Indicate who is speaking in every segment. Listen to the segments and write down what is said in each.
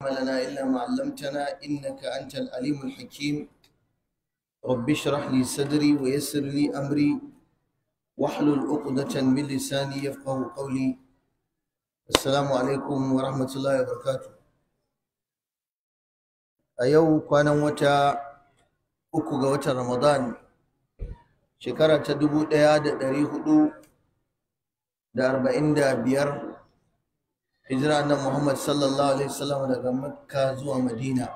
Speaker 1: علم لنا إلا ما علمتنا إنك أنت العليم الحكيم رب اشرح لي صدري ويسر لي أمري واحلل عقدة من لساني يفقه قولي السلام عليكم ورحمة الله وبركاته أيو كان وتا uku ga watan Ramadan shekara ta dubu ɗaya da ɗari hudu da arba'in da biyar hijira na Muhammad sallallahu alaihi wasallam daga Makka zuwa Madina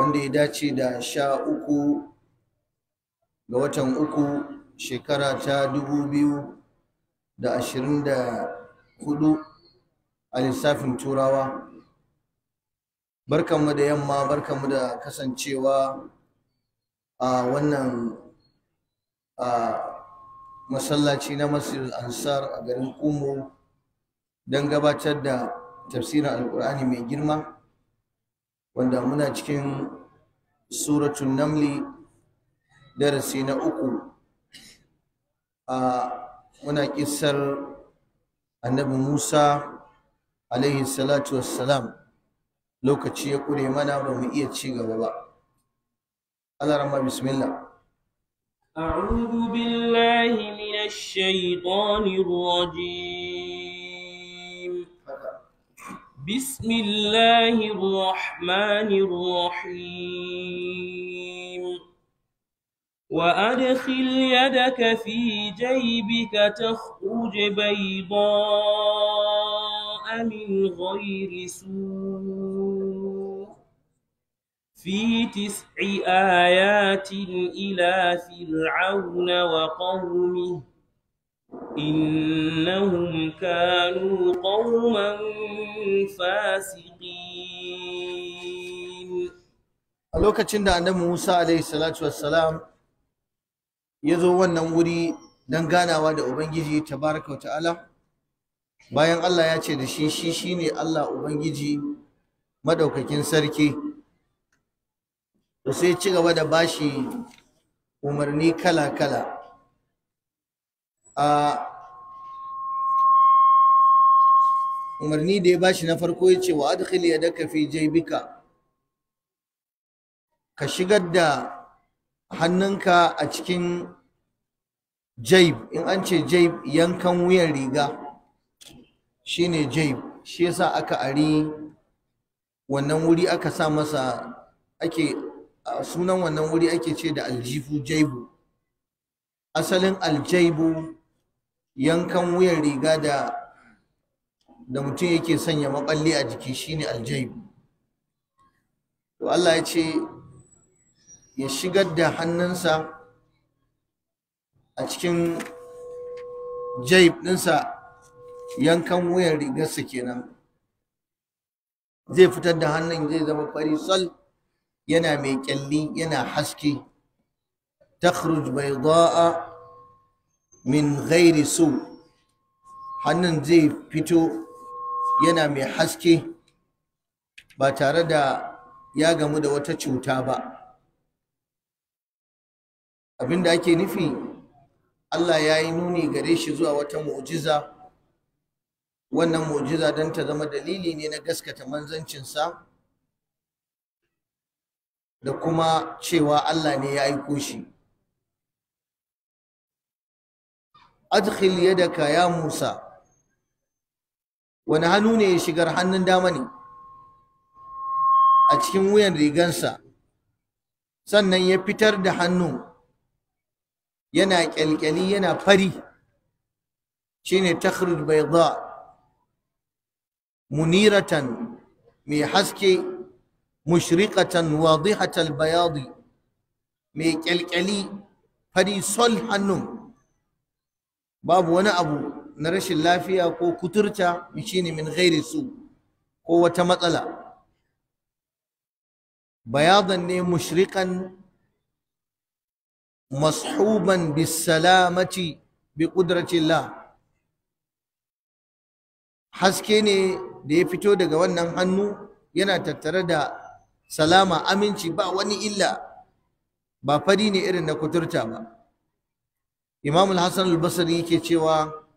Speaker 1: wanda ya dace da sha uku ga watan uku shekara ta dubu biyu da ashirin da hudu a lissafin turawa barkanmu da yamma barkanmu da kasancewa a wannan a masallaci na masjid ansar a garin kumo don gabatar da tafsirin alkur'ani mai girma wanda muna cikin suratun namli darasi na uku a muna kisar annabi musa alaihi salatu wassalam
Speaker 2: lokaci ya kure mana ba mu iya ci gaba ba alarama bismillah أعوذ بالله من الشيطان الرجيم بسم الله الرحمن الرحيم وأدخل يدك في جيبك تخرج بيضاء من غير سوء في تسع آيات إلى فرعون وقومه إنهم كانوا قوما
Speaker 1: a lokacin da annabi Musa alaihi salatu wassalam ya zo wannan wuri don ganawa da Ubangiji tabaraka wa ta'ala bayan Allah ya ce da shi shi shine Allah Ubangiji madaukakin sarki to sai ci gaba da bashi umarni kala-kala umarni da ya bashi na farko ya ce wa adkhil yadaka fi jaybika ka shigar da hannunka a cikin jaib in an ce jaib yankan wuyan riga shine jaib shi yasa aka ari wannan wuri aka sa masa ake sunan wannan wuri ake ce da aljifu jaibu asalin aljaibu yankan wuyan riga da da mutum yake sanya maballi a jiki shine aljaib to Allah ya ce ya shigar da hannunsa a cikin jaib ɗinsa yankan wuyan rigarsa kenan zai fitar da hannun zai zama fari sal yana mai kyalli yana haske takhruj bayda'a min gairi su hannun zai fito yana mai haske ba tare da ya gamu da wata cuta ba abinda ake nufi Allah ya yi nuni gare shi zuwa wata mu'jiza wannan mu'jiza don ta zama dalili ne na gaskata manzancinsa da kuma cewa Allah ne ya aiko shi adkhil yadaka ya Musa wani hannu ne ya shigar hannun dama ne a cikin wuyan rigansa sannan ya fitar da hannu yana kyalkyali yana fari shine takhrij bayda muniratan mai haske mushriqatan wadihatal bayadi mai kyalkyali fari sol hannun babu wani abu na rashin lafiya ko kuturta shine min ghairi su ko wata matsala bayadan ne mushrikan mashuban bisalamaci bi la haske ne da ya fito daga wannan hannu yana tattare da salama aminci ba wani illa ba fari ne irin na kuturta ba imam al al-basri yake cewa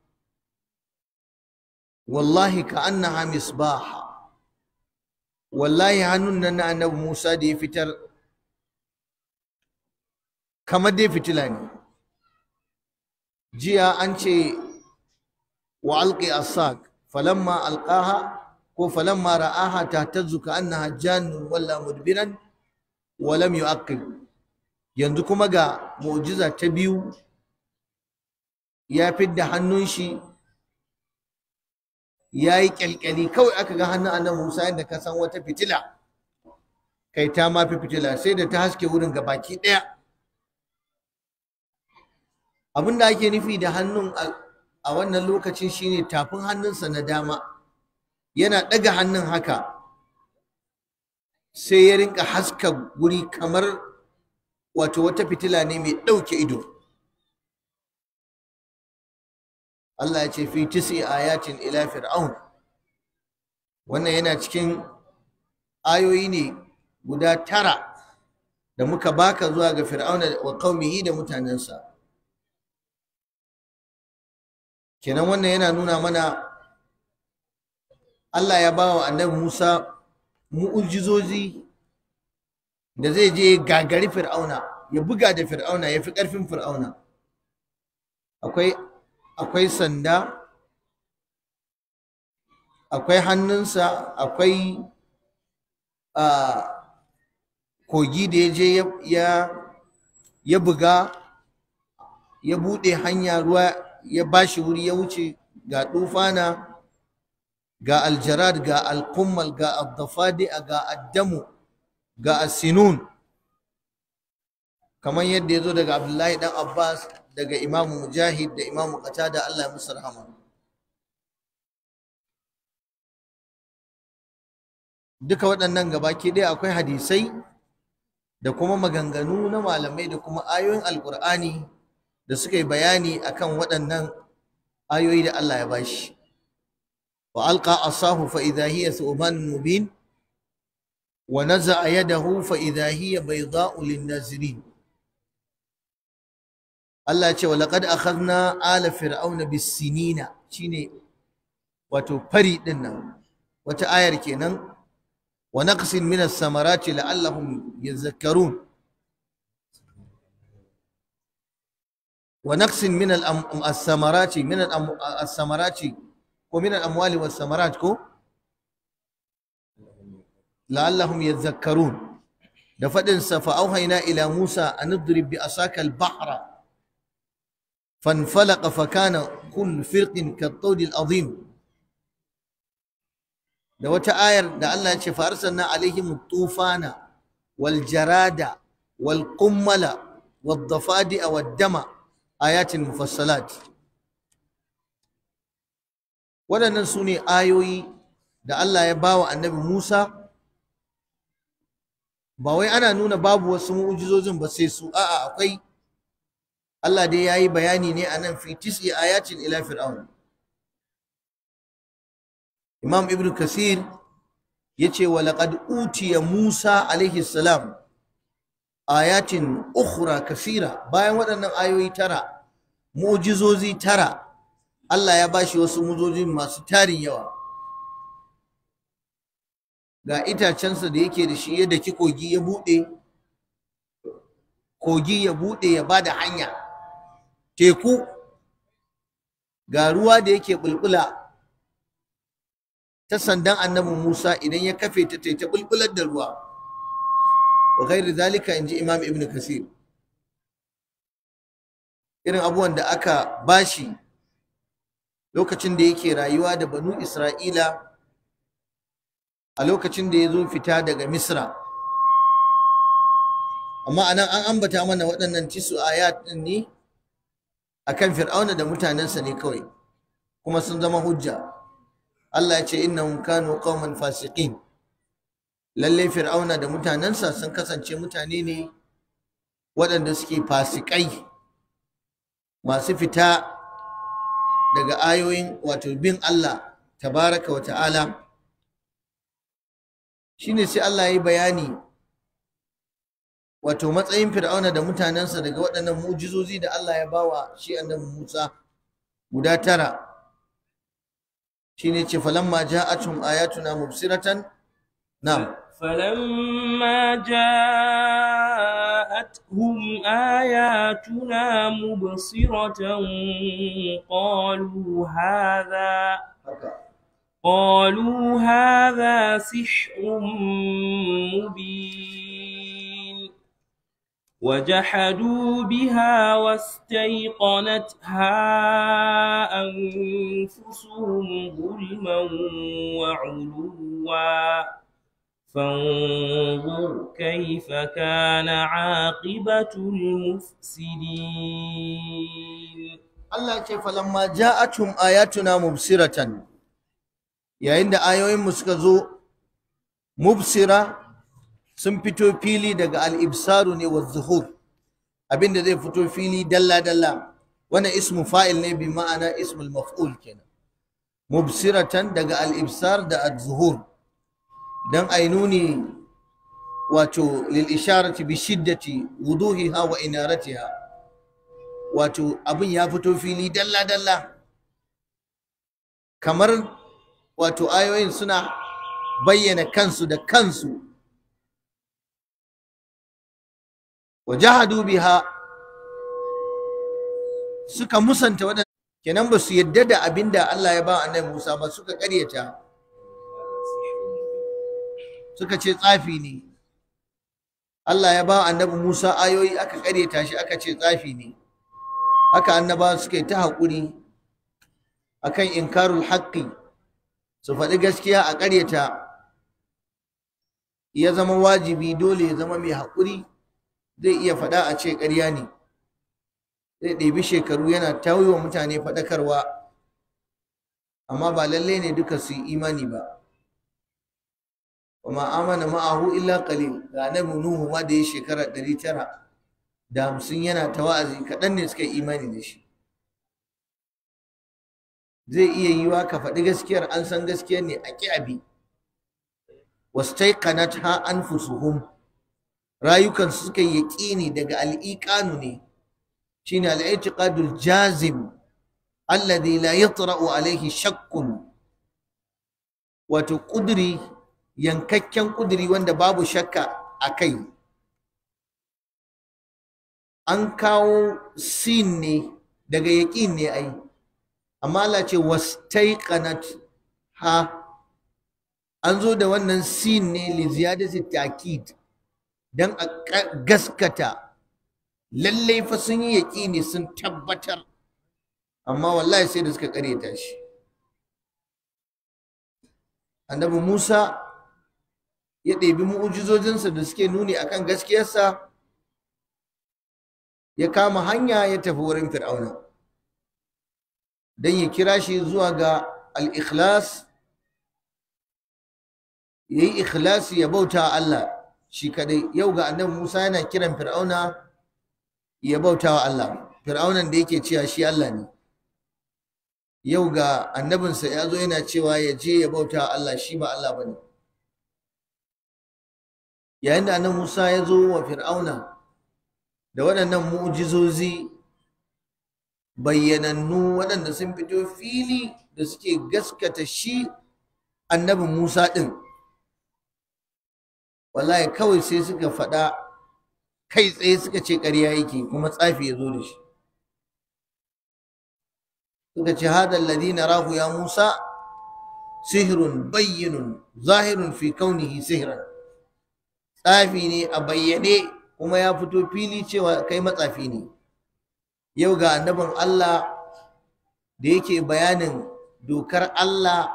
Speaker 1: wallahi ka annaha misbah wallahi hannun nan na annabi Musa da ya fitar kamar dai fitila ne jiya an ce wa alqi asaq falamma alqaha ko falamma ra'aha tahtazzu ka annaha jannun walla mudbiran yanzu kuma ga mu'jiza ta biyu ya fidda hannun shi ya yi kyalkyali kawai aka ga hannun annabi Musa yadda ka san wata fitila kai ta ma fi fitila sai da ta haske wurin ga baki ɗaya abin da ake nufi da hannun a wannan lokacin shine tafin hannunsa na dama yana ɗaga hannun haka sai ya rinka haska guri kamar wato wata fitila ne mai ɗauke ido Allah ya ce fi tisi ayatin ila fir'aun wannan yana cikin ayoyi ne guda tara da muka baka zuwa ga fir'auna wa qaumihi da mutanensa kenan wannan yana nuna mana Allah ya ba wa annabi Musa mu'ujizozi da zai je gagari fir'auna ya buga da fir'auna ya fi ƙarfin fir'auna akwai akwai sanda akwai hannunsa akwai a kogi da ya je ya buga ya bude hanya ruwa ya bashi wuri ya wuce ga tufana ga aljarad ga alkummal ga abdafadi'a ga addamu ga asinun kamar yadda ya zo daga abdullahi dan abbas daga imamu mujahid da imamu qatada Allah ya musu rahama duka waɗannan gabaki ɗaya akwai hadisai da kuma maganganu na malamai da kuma ayoyin alkur'ani da suka yi bayani akan waɗannan ayoyi da Allah ya bashi wa alqa asahu fa idha hiya thuban mubin wa naza'a yadahu fa idha hiya bayda'u lin-nazirin Allah ya ce wa laqad akhadna ala fir'auna bisinina shine wato fari din nan wata ayar kenan wa naqsin min as-samarati la'allahum yadhakkarun wa naqsin min as-samarati min as-samarati ko min al-amwali was-samarat ko la'allahum yadhakkarun da fadin sa auhayna ila Musa an idrib bi asaka al-bahra فانفلق فكان كل فرق كالطود العظيم da wata ayar da Allah ya ce fa na alaihim tufana wal jarada wal wal wad dafadi'a wad dama ayatin mufassalat waɗannan su ne ayoyi da Allah ya bawa annabi Musa ba wai ana nuna babu wasu mu'ujizojin ba sai su a'a akwai Allah dai ya yi bayani ne a nan fi ya ayatin ila fir'aun Imam Ibn Kasir yace wa uti utiya Musa alaihi salam ayatin kasira bayan waɗannan ayoyi tara mu'jizozi tara Allah ya bashi wasu mu'jizozi masu tarin yawa ga itacensa da yake da shi yadda ki kogi ya buɗe kogi ya buɗe ya bada hanya teku ga ruwa da yake bulbula ta sandan annabi Musa idan ya kafe ta ta bulbular da ruwa wa ghairi zalika inji Imam Ibn Kasir irin abubuwan da aka bashi lokacin da yake rayuwa da banu Isra'ila a lokacin da ya zo fita daga Misra amma anan an ambata mana waɗannan tisu ayat ɗin ne akan fir'auna da mutanensa ne kawai kuma sun zama hujja Allah ya ce innahum kanu qauman fasiqin lalle fir'auna da mutanensa sun kasance mutane ne waɗanda suke fasikai masu fita daga ayoyin wato bin Allah tabaraka wa ta'ala shine sai Allah ya yi bayani wato matsayin fir'auna da mutanensa daga waɗannan mujizozi da Allah ya bawa shi annabi Musa guda tara shine ce falamma ja'atum ayatuna mubsiratan
Speaker 2: na'am falamma ja'atuhum ayatuna mubsiratan qalu hadha قالوا هذا سحر مبين وجحدوا بها واستيقنتها أنفسهم ظلما وعلوا فانظر كيف كان عاقبة المفسدين
Speaker 1: الله كيف لما جاءتهم آياتنا مبصرة يعني عند آيوين مسكزو مبصرة sun fito fili daga al-ibsaru ne wa zuhur abinda zai fito fili dalla dalla wani ismu fa'il ne bi ma'ana ismul maf'ul kenan mubsiratan daga al-ibsar da az-zuhur dan ai nuni wato lil isharati bi shiddati wuduhiha wa inaratiha wato abin ya fito fili dalla dalla kamar wato ayoyin suna bayyana kansu da kansu wa jahadu biha suka musanta waɗanda kenan ba su yadda da abinda Allah ya ba annabi Musa ba suka ƙaryata suka ce tsafi ne Allah ya ba annabi Musa ayoyi aka ƙaryata shi aka ce tsafi ne haka annaba suka yi ta haƙuri akan inkarul haqqi su faɗi gaskiya a ƙaryata ya zama wajibi dole ya zama mai haƙuri zai iya faɗa a ce ƙarya ne zai ɗebi shekaru yana wa mutane faɗakarwa amma ba lallai ne duka su yi imani ba kuma amana ma'ahu illa qalil ga annabi nuhu ma da ya shekara ɗari tara da hamsin yana ta wa'azi kaɗan ne suka yi imani da shi zai iya yiwa ka faɗi gaskiyar an san gaskiyar ne a ƙi abi an fusuhun su suka yi yaƙini daga al'iƙanu ne shine al'itiqadul jazim alladhi la yatra'u alaihi shakkun wato ƙuduri yankakken ƙuduri wanda babu shakka a kai an kawo sin ne daga yaƙin ne ai amma Allah ce wastaiqanat ha an zo da wannan sin ne li ziyadati ta'kid don a gaskata lallai fa sun yi yaƙini sun tabbatar amma wallahi sai da suka ƙareta shi annabi Musa ya ɗebi mu'ujizojinsa da suke nuni akan gaskiyarsa ya kama hanya ya tafi wurin fir'auna don ya kira shi zuwa ga al-ikhlas ya yi ikhlasi ya bauta Allah shi kadai yau ga annabi Musa yana kiran Fir'auna ya bautawa Allah Fir'aunan da yake cewa shi Allah ne yau ga annabinsa ya zo yana cewa ya je ya bautawa Allah shi ba Allah bane yayin da annabi Musa ya zo wa Fir'auna da waɗannan mu'jizozi bayyanannu waɗanda sun fito fili da suke gaskata shi annabin Musa ɗin wallahi kawai sai suka faɗa kai tsaye suka ce ƙarya yake kuma tsafi ya zo da shi suka ce hada alladhina rahu ya Musa sihrun bayyinun zahirun fi kaunihi sihran tsafi ne a bayyane kuma ya fito fili cewa kai matsafi ne yau ga annabin Allah da yake bayanin dokar Allah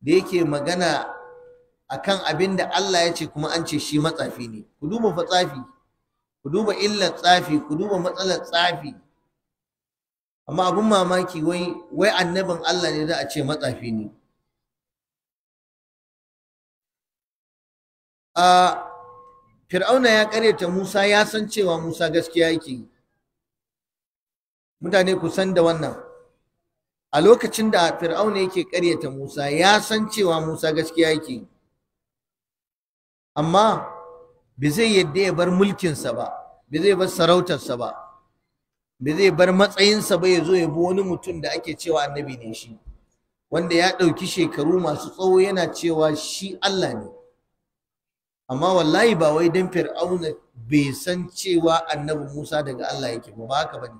Speaker 1: da yake magana akan abin da Allah ya ce kuma an ce shi matsafi ne ku duba fa tsafi ku duba illar tsafi ku duba matsalar tsafi amma abun mamaki wai wai annabin Allah ne za a ce matsafi ne a Fir'auna ya karyata Musa ya san cewa Musa gaskiya yake mutane ku san da wannan a lokacin da Fir'auna yake karyata Musa ya san cewa Musa gaskiya yake amma bai zai yadda ya bar mulkinsa ba bai zai bar sarautarsa ba bai zai bar matsayinsa ba ya zo ya bi wani mutum da ake cewa annabi ne shi wanda ya ɗauki shekaru masu tsawo yana cewa shi Allah ne amma wallahi ba wai dan fir'auna bai san cewa annabi Musa daga Allah yake ba ba haka bane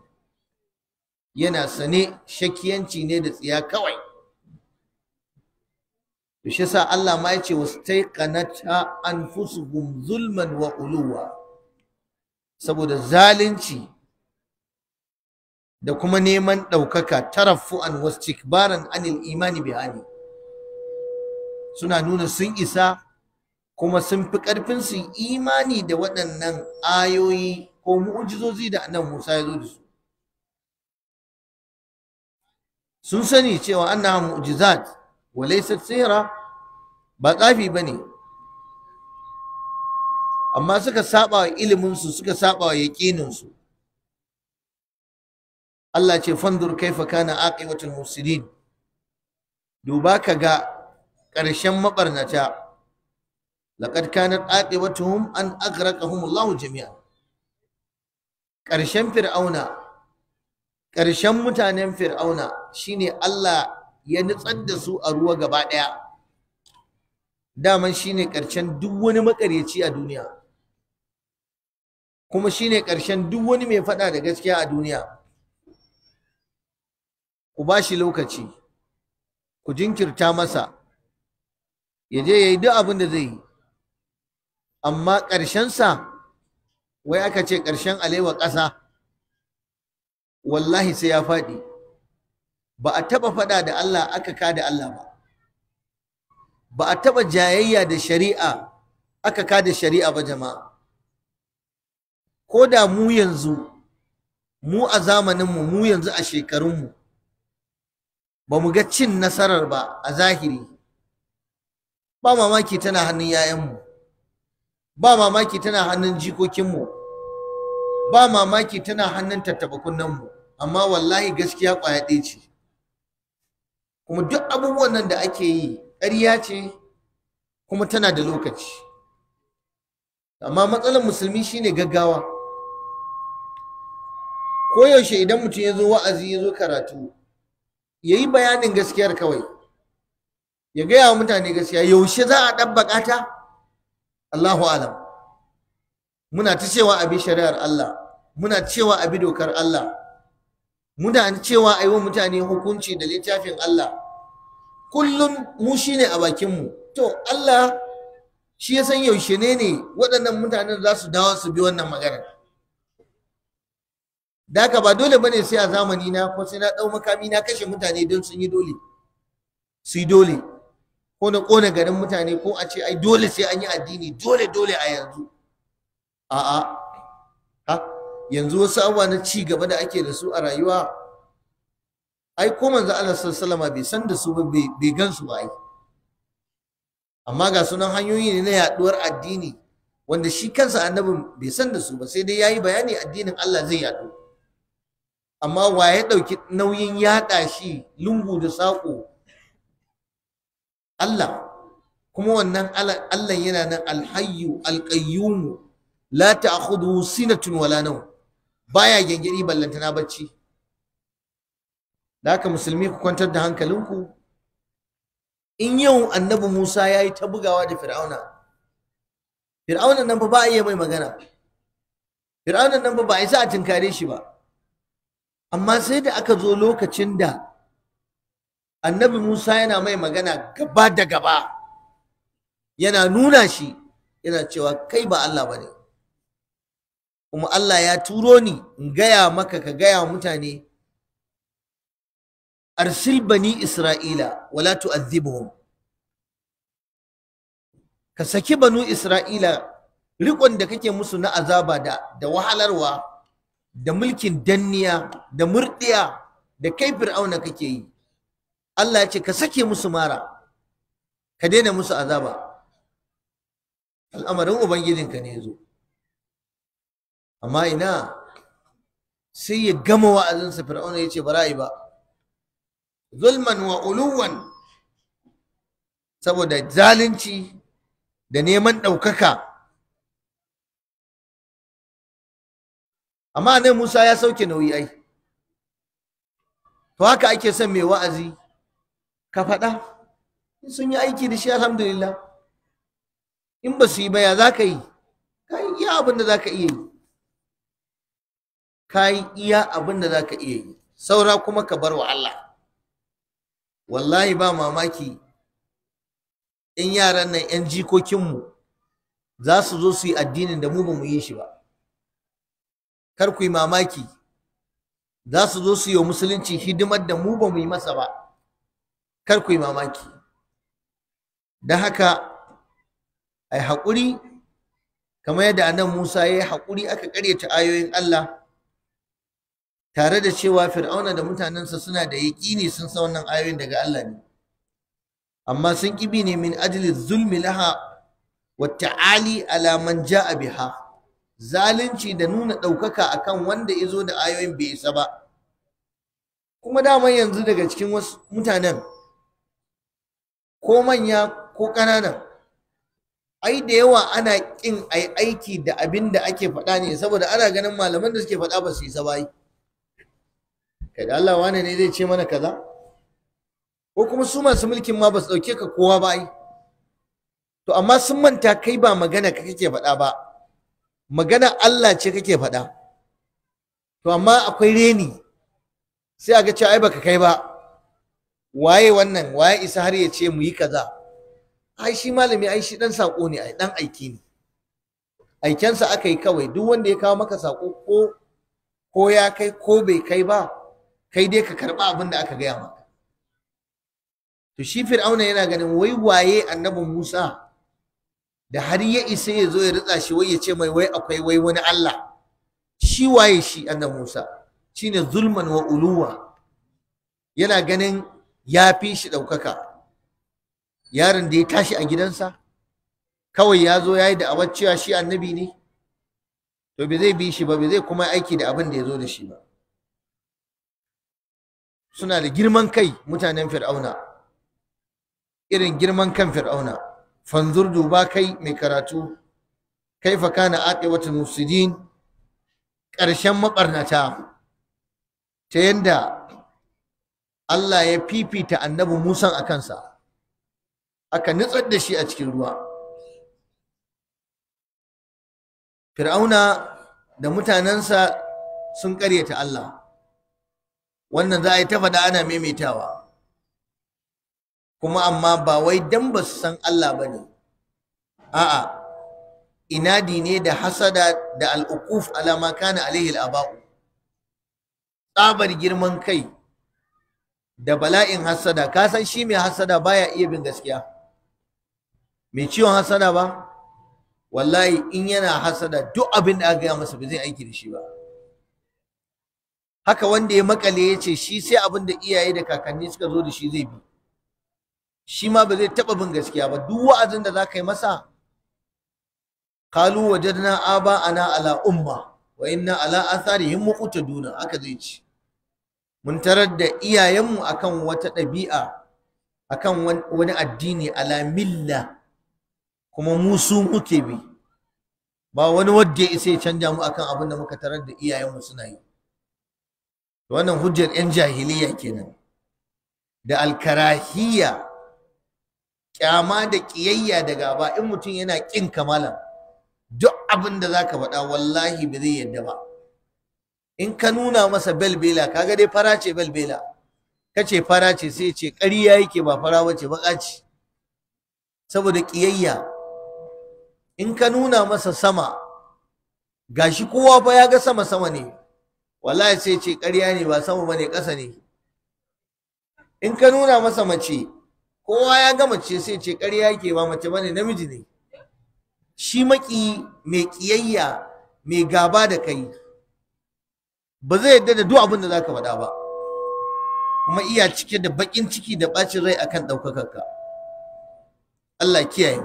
Speaker 1: yana sane shakiyanci ne da tsiya kawai to shi yasa Allah ma yace wastaiqanata anfusuhum zulman wa uluwa saboda zalunci da kuma neman ɗaukaka tarafu'an wastikbaran anil imani bihani suna nuna sun isa kuma sun fi ƙarfin su imani da waɗannan ayoyi ko mu'ujizozi da annabi Musa ya zo da su sun sani cewa annaha mu'jizat walaysat sihra ba tsafi bane amma suka saba iliminsu suka saba wa su Allah ce fandur na kana aqibatul mufsidin duba ka ga ƙarshen mabarnata laqad kanat aqibatuhum an aghraqahum Allahu jami'an ƙarshen fir'auna ƙarshen mutanen fir'auna shine Allah ya nutsar da su a ruwa gaba ɗaya daman shine ƙarshen duk wani makaryaci a duniya kuma shine ƙarshen duk wani mai faɗa da gaskiya a duniya ku ba shi lokaci ku jinkirta masa ya je ya yi duk abin da zai yi amma ƙarshensa wai aka ce ƙarshen alewa ƙasa wallahi sai ya faɗi ba a taba faɗa da Allah aka ka da Allah ba ba a taba jayayya da shari'a aka ka da shari'a ba jama'a ko da mu yanzu mu a zamaninmu mu yanzu a shekarunmu ba mu ga cin nasarar ba a zahiri ba mamaki tana hannun 'ya'yanmu ba mamaki tana hannun jikokinmu ba mamaki tana hannun tattabakunanmu amma wallahi gaskiya ƙwaya ɗaya ce kuma duk abubuwan nan da ake yi ƙarya ce kuma tana da lokaci amma matsalar musulmi shine gaggawa koyaushe idan mutum ya zo wa'azi ya zo karatu ya yi bayanin gaskiyar kawai ya gaya wa mutane gaskiya yaushe za a ɗabbaƙa ta Allahu alam muna ta cewa abi shari'ar Allah muna cewa abi dokar Allah mutane cewa a yi mutane hukunci da littafin Allah kullum mu shi ne a bakinmu to Allah shi ya san yaushe ne ne waɗannan mutanen za su dawo su bi wannan magana da ka ba dole bane sai a zamani na ko sai na ɗau makami na kashe mutane don sun yi dole su yi dole ko na ƙone garin mutane ko a ce ai dole sai an yi addini dole dole a yanzu a'a yanzu wasu abubuwa na ci gaba da ake da su a rayuwa ai ko manzo Allah sallallahu bai san da su ba bai gan ba ai amma ga sunan hanyoyi ne na yaduwar addini wanda shi kansa Annabi bai san da su ba sai dai yayi bayani addinin Allah zai yadu amma wa ya dauki nauyin yada shi lungu da sako Allah kuma wannan Allah yana nan alhayyu alqayyum la ta'khudhu sinatun wala nawm baya gengiri ballantana bacci da haka musulmi ku kwantar da hankalinku in yau annabi Musa ya yi ta bugawa da fir'auna fir'auna nan ba a iya mai magana fir'auna nan ba a isa a tinkare shi ba amma sai da aka zo lokacin da annabi Musa yana mai magana gaba da gaba yana nuna shi yana cewa kai ba Allah ba ne kuma Allah ya turo ni in gaya maka ka gaya mutane arsil bani isra'ila wala tu'adhibhum ka saki banu isra'ila rikon da kake musu na azaba da da wahalarwa da mulkin danniya da murdiya da kai fir'auna kake yi Allah ya ce ka sake musu mara ka daina musu azaba al'amarin ubangijinka ne ya zo amma ina sai ya gama wa'azinsa fir'auna ya ce ba ra’i ba zulman wa uluwan saboda zalunci da neman ɗaukaka amma nan Musa ya sauke nauyi ai to haka ake son mai wa'azi ka faɗa sun yi aiki da shi alhamdulillah in ba su yi ba ya za ka yi ka yi abin da za ka iya yi ka yi iya abin da za ka iya yi saura kuma ka bar wa Allah wallahi ba mamaki in yaran nan 'yan jikokinmu za su zo su yi addinin da mu ba mu yi shi ba kar ku yi mamaki za su zo su yi wa musulunci hidimar da mu ba mu yi masa ba kar ku yi mamaki don haka ai haƙuri kamar yadda anan musa ya yi haƙuri aka ƙaryata ayoyin allah tare da cewa fir'auna da mutanensa suna da yaƙini sun san wannan ayoyin daga Allah ne amma sun kibi ne min ajli zulmi laha wa ta'ali ala man ja'a biha zalunci da nuna ɗaukaka akan wanda ya zo da ayoyin bai isa ba kuma dama yanzu daga cikin wasu mutanen ko manya ko ƙanana ai da yawa ana ƙin ai aiki da abin da ake faɗa ne saboda ana ganin malaman da suke faɗa ba su yi ba yi kai da Allah wane ne zai ce mana kaza ko kuma su masu mulkin ma ba su dauke ka kowa ba ai to amma sun manta kai ba magana ka kake faɗa ba magana Allah ce kake faɗa to amma akwai reni sai a ga cewa ai baka kai ba waye wannan waye isa har ya ce mu yi kaza ai shi malami ai shi dan sako ne ai dan aiki ne aikensa aka yi kawai duk wanda ya kawo maka sako ko ko ya kai ko bai kai ba kai dai ka karɓa abin da aka gaya maka to shi fir'auna yana ganin wai waye annabin musa da har ya isa ya zo ya ritsa shi wai ya ce mai wai akwai wai wani allah shi waye shi annabin musa shine zulman wa uluwa yana ganin ya fi shi ɗaukaka yaron da ya tashi a gidansa kawai ya zo ya yi da'awar cewa shi annabi ne to bai zai bi shi ba bai zai kuma aiki da abin da ya zo da shi ba suna da girman kai mutanen fir'auna irin girman kan fir'auna fanzur duba kai mai karatu Kai na kana wata mufsidin ƙarshen maɓarnata ta yadda Allah ya fifita annabi Musan a kansa aka nutsar da shi a cikin ruwa fir'auna da mutanensa sun ƙaryata Allah wannan za a yi ta faɗa ana maimaitawa kuma amma ba wai dan ba su san Allah ba ne a'a inadi ne da hasada da al'ukuf alama kana alaihi al'aba'u tsabar girman kai da bala'in hasada ka san shi mai hasada baya iya bin gaskiya mai ciwon hasada ba wallahi in yana hasada duk abin da aka gaya masa ba zai aiki da shi ba haka wanda ya makale ya ce shi sai abin da iyaye da kakanni suka zo da shi zai bi shi ma ba zai taba bin gaskiya ba duk wa'azin da za ka yi masa kalu wajadna aba ana ala umma wa inna ala atharihim duna aka zai ci mun tarar da iyayenmu akan wata ɗabi'a akan wani addini ala milla kuma mu su muke bi ba wani wadda ya isa ya canja mu akan abin da muka tarar da iyayenmu suna yi wannan hujjar 'yan jahiliya kenan da alkarahiya kyama da ƙiyayya da gaba in mutum yana ƙin kamala duk abin da za ka faɗa wallahi ba zai yadda ba in ka nuna masa belbela kaga dai fara ce belbela ka ce fara ce sai ce ƙarya yake ba fara wace baƙa ce saboda ƙiyayya in ka nuna masa sama gashi kowa fa ya ga sama sama ne wallahi sai ce ƙarya ne ba sabo bane ƙasa ne in ka nuna masa mace kowa ya ga mace sai ce ƙarya yake ba mace bane namiji ne shi maki mai ƙiyayya mai gaba da kai ba zai yadda da duk abin da zaka faɗa ba kuma iya cike da baƙin ciki da ɓacin rai akan ɗaukakarka Allah kiyaye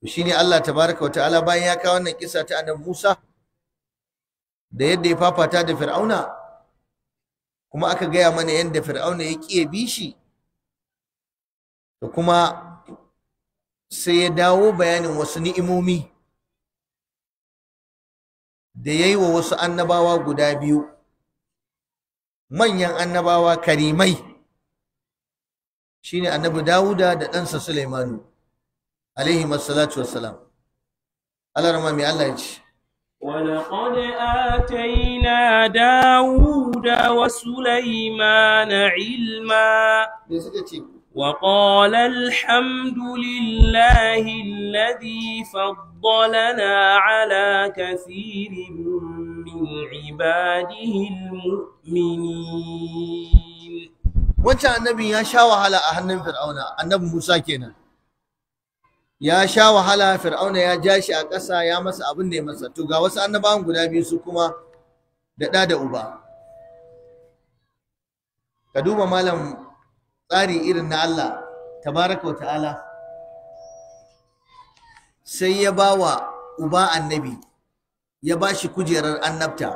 Speaker 1: mu shine Allah tabaraka wa ta'ala bayan ya kawo wannan kisa ta annabi Musa da yadda ya fafata da fir'auna kuma aka gaya mana yadda fir'auna ya ƙiye bishi da kuma sai ya dawo bayanin wasu ni'imomi da ya yi wa wasu annabawa guda biyu manyan annabawa karimai shine annabi dawuda da ɗansa suleimanu alaihi
Speaker 2: salatu wassalam Allah rama mai Allah ce ولقد آتينا داود وسليمان علما وقال الحمد لله الذي فضلنا على كثير من عباده المؤمنين wancan
Speaker 1: annabin ya sha wahala a hannun fir'auna annabi musa kenan ya sha wahala fir'auna ya ja shi a ƙasa ya masa abin da ya masa to ga wasu annabawan guda biyu su kuma da ɗa da uba ka duba malam tsari irin na Allah tabaraka wa ta'ala sai ya ba wa uba annabi ya ba shi kujerar annabta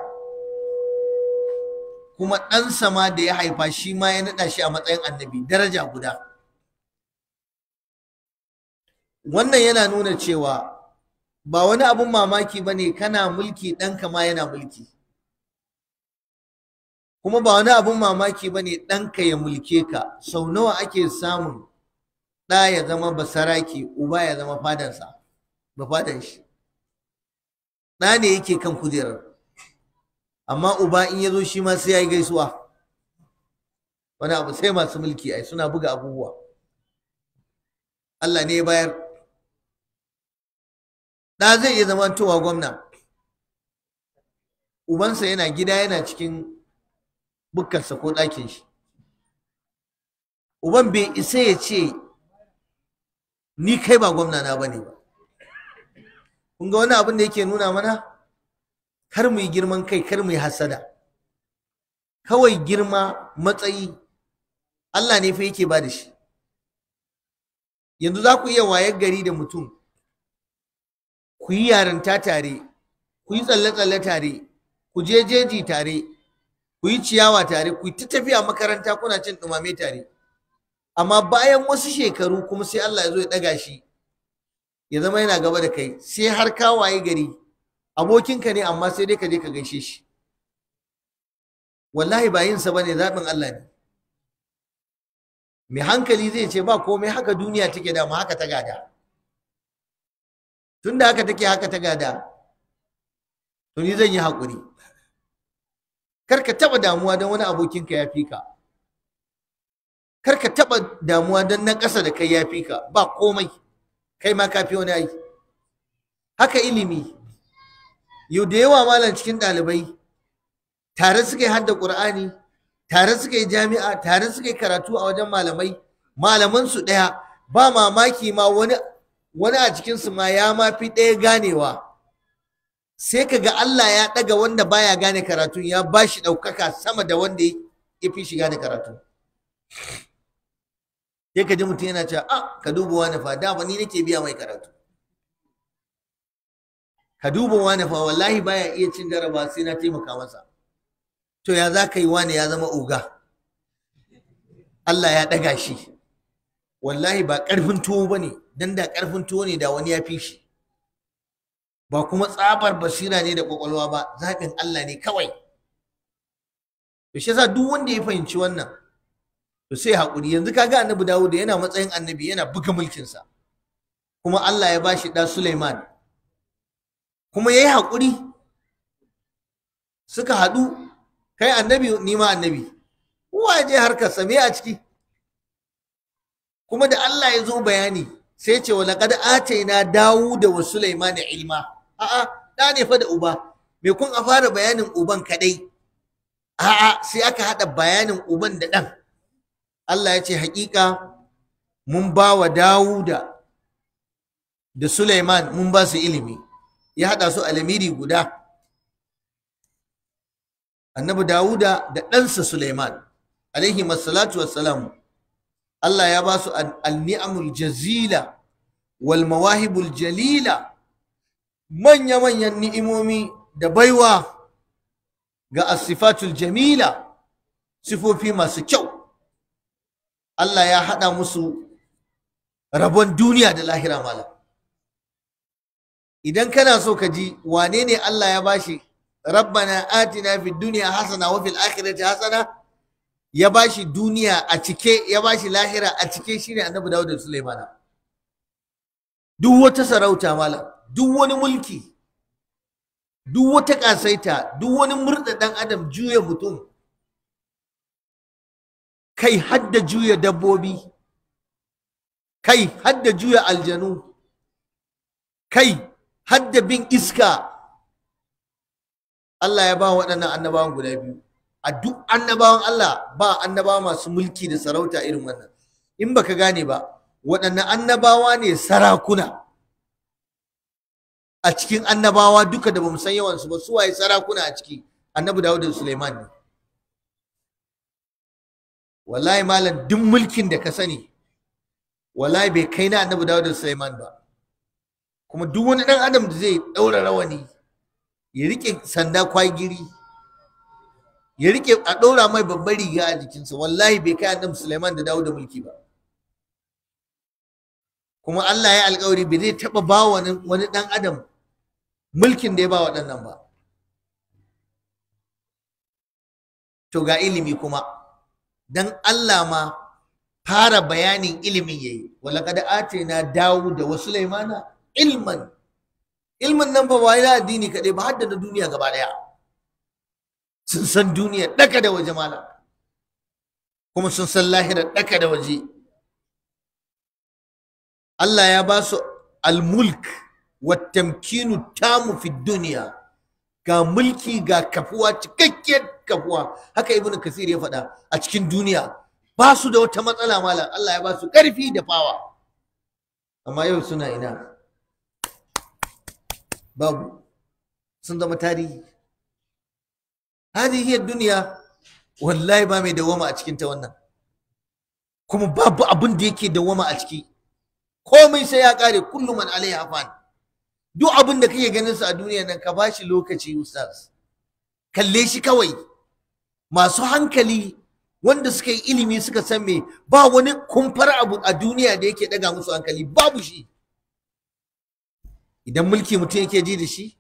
Speaker 1: kuma ɗansa ma da ya haifa shi ma ya naɗa shi a matsayin annabi daraja guda wannan yana nuna cewa ba wani abun mamaki ba ne kana mulki ɗanka ma yana mulki kuma ba wani abun mamaki ba ne ɗanka ya mulke ka sau nawa ake samun ɗa ya zama basaraki uba ya zama fadansa ba fadan shi ɗa ne yake kan kujerar amma uba in ya zo shi ma sai ya yi gaisuwa wani abu sai masu mulki ai suna buga abubuwa Allah ne ya bayar Na zai iya zamantowa gwamna ubansa yana gida yana cikin bukkarsa ko ɗakin shi uban bai isa ya ce ni kai ba gwamna na bane ba kun ga wani abin da yake nuna mana kar mu yi girman kai kar mu yi hasada kawai girma matsayi Allah ne fa yake ba da shi yanzu za ku iya wayar gari da mutum ku yi yarinta tare ku yi tsalle-tsalle tare ku je jeji tare ku yi ciyawa tare ku yi ta tafiya makaranta kuna cin ɗumame tare amma bayan wasu shekaru kuma sai Allah ya zo ya ɗaga shi ya zama yana gaba da kai sai har ka waye gari abokinka ne amma sai dai ka je ka gaishe shi wallahi ba yinsa ba ne zaɓin Allah ne mai hankali zai ce ba komai haka duniya take dama haka ta gada tun da haka take haka ta gada to ni zan yi haƙuri kar ka taɓa damuwa don wani abokinka ya fi ka kar ka taɓa damuwa don na ƙasa da kai ya fi ka ba komai kai ma ka fi wani ai haka ilimi yau da yawa malam cikin ɗalibai tare suka yi hadda ƙur'ani tare suka yi jami'a tare suka yi karatu a wajen malamai malaman su ɗaya ba mamaki ma wani wani a cikinsu ma ya ma fi ɗaya ganewa sai ka ga Allah ya ɗaga wanda baya gane karatu ya ba shi ɗaukaka sama da wanda ya fi shi gane karatu sai ka ji mutum yana cewa a ah, ka duba wani fa da ba ni nake biya mai karatu ka duba wani fa wallahi baya iya cin jaraba sai na taimaka masa to ya za ka yi wani ya zama oga Allah ya ɗaga shi wallahi ba ƙarfin tuwo ba ne dan da karfin tuwo ne da wani ya fi shi ba kuma tsabar basira ne da kwakwalwa ba zaɓin Allah ne kawai to shi yasa duk wanda ya fahimci wannan to sai haƙuri yanzu kaga annabi Dawud yana matsayin annabi yana buga mulkinsa kuma Allah ya bashi da Sulaiman kuma yayi haƙuri suka haɗu kai annabi ni ma annabi uwa je harkar sa me a ciki kuma da Allah ya zo bayani sai ce wa laqad atayna dawuda wa sulaiman ilma a'a da ne fa da uba me kun a fara bayanin uban kadai a'a sai aka haɗa bayanin uban da dan Allah ya ce hakika mun ba wa dawuda da Sulaiman mun ba su ilimi ya haɗa su alamiri guda annabi Dawuda da ɗansa Suleiman alaihi masalatu wassalamu Allah ya ba su al-ni'amul jazila wal mawahibul jalila manya-manyan ni'imomi da baiwa ga asifatul jamila sifofi masu kyau Allah ya haɗa musu rabon duniya da lahira malam idan kana so ka ji wane ne Allah ya bashi rabbana atina fid duniya hasana wa fil akhirati hasana ya ba shi duniya a cike ya ba shi lahira a cike shine annabi Dawud da Sulaimana duk wata sarauta malam duk wani mulki duk wata kasaita duk wani murda dan adam juya mutum kai hadda juya dabbobi kai hadda juya aljanu kai hadda bin iska Allah ya ba waɗannan annabawan guda biyu a duk annabawan Allah ba annabawa masu mulki da sarauta irin wannan in baka gane ba waɗannan annabawa ne sarakuna a cikin annabawa duka da bamu san yawansu ba su waye sarakuna a ciki annabi Dawud da Sulaiman ne wallahi malam duk mulkin da ka sani wallahi bai kai na annabi Dawud da Sulaiman ba kuma duk wani ɗan adam da zai daura rawani ya rike sanda kwagiri ya rike a ɗora mai babbar riga a jikinsa wallahi bai kai annabi Sulaiman da dawo da mulki ba kuma Allah ya yi alkawari bai zai taɓa ba wani ɗan adam mulkin da ya ba waɗannan ba to ga ilimi kuma dan Allah ma fara bayanin ilimin yayi walaqad atina dawo da wasu laimana ilman nan ba wai addini kaɗai ba har da duniya gaba ɗaya sun san duniya daka da waje mala kuma sun san Lahira ɗaka da waje Allah ya ba su almulk watamkinu tamu fi duniya ga mulki ga kafuwa cikakkiyar kafuwa haka Ibn kasir ya faɗa a cikin duniya ba su da wata matsala malam Allah ya ba su ƙarfi da fawa amma yau suna ina babu sun zama tarihi hadi hiya duniya wallahi ba mai dawama a cikin ta wannan kuma babu abin da yake dawama a ciki komai sai ya kare kullum man duk abin da kake ganin su a duniya nan ka bashi lokaci ustaz kalle shi kawai masu hankali wanda suka yi ilimi suka san me ba wani kumfar abu a duniya da yake daga musu hankali babu shi idan mulki mutum yake ji da shi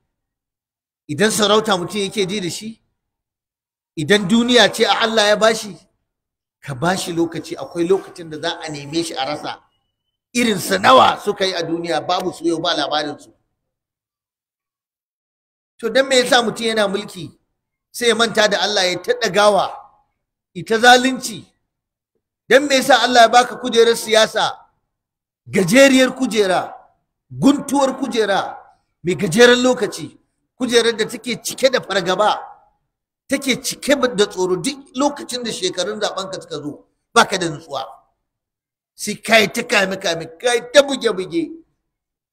Speaker 1: idan sarauta mutum yake ji da shi idan duniya ce a Allah ya bashi ka bashi lokaci akwai lokacin da za a neme shi a rasa irin sa nawa suka yi a duniya babu su yau ba labarin to dan me yasa mutum yana mulki sai ya manta da Allah ya taɗa gawa ita zalunci dan me yasa Allah ya baka kujerar siyasa gajeriyar kujera guntuwar kujera mai gajeren lokaci kujerar da take cike da fargaba take cike da tsoro duk lokacin da shekarun zaben ka suka zo baka da nutsuwa sai kai ta kame kame kai ta buge buge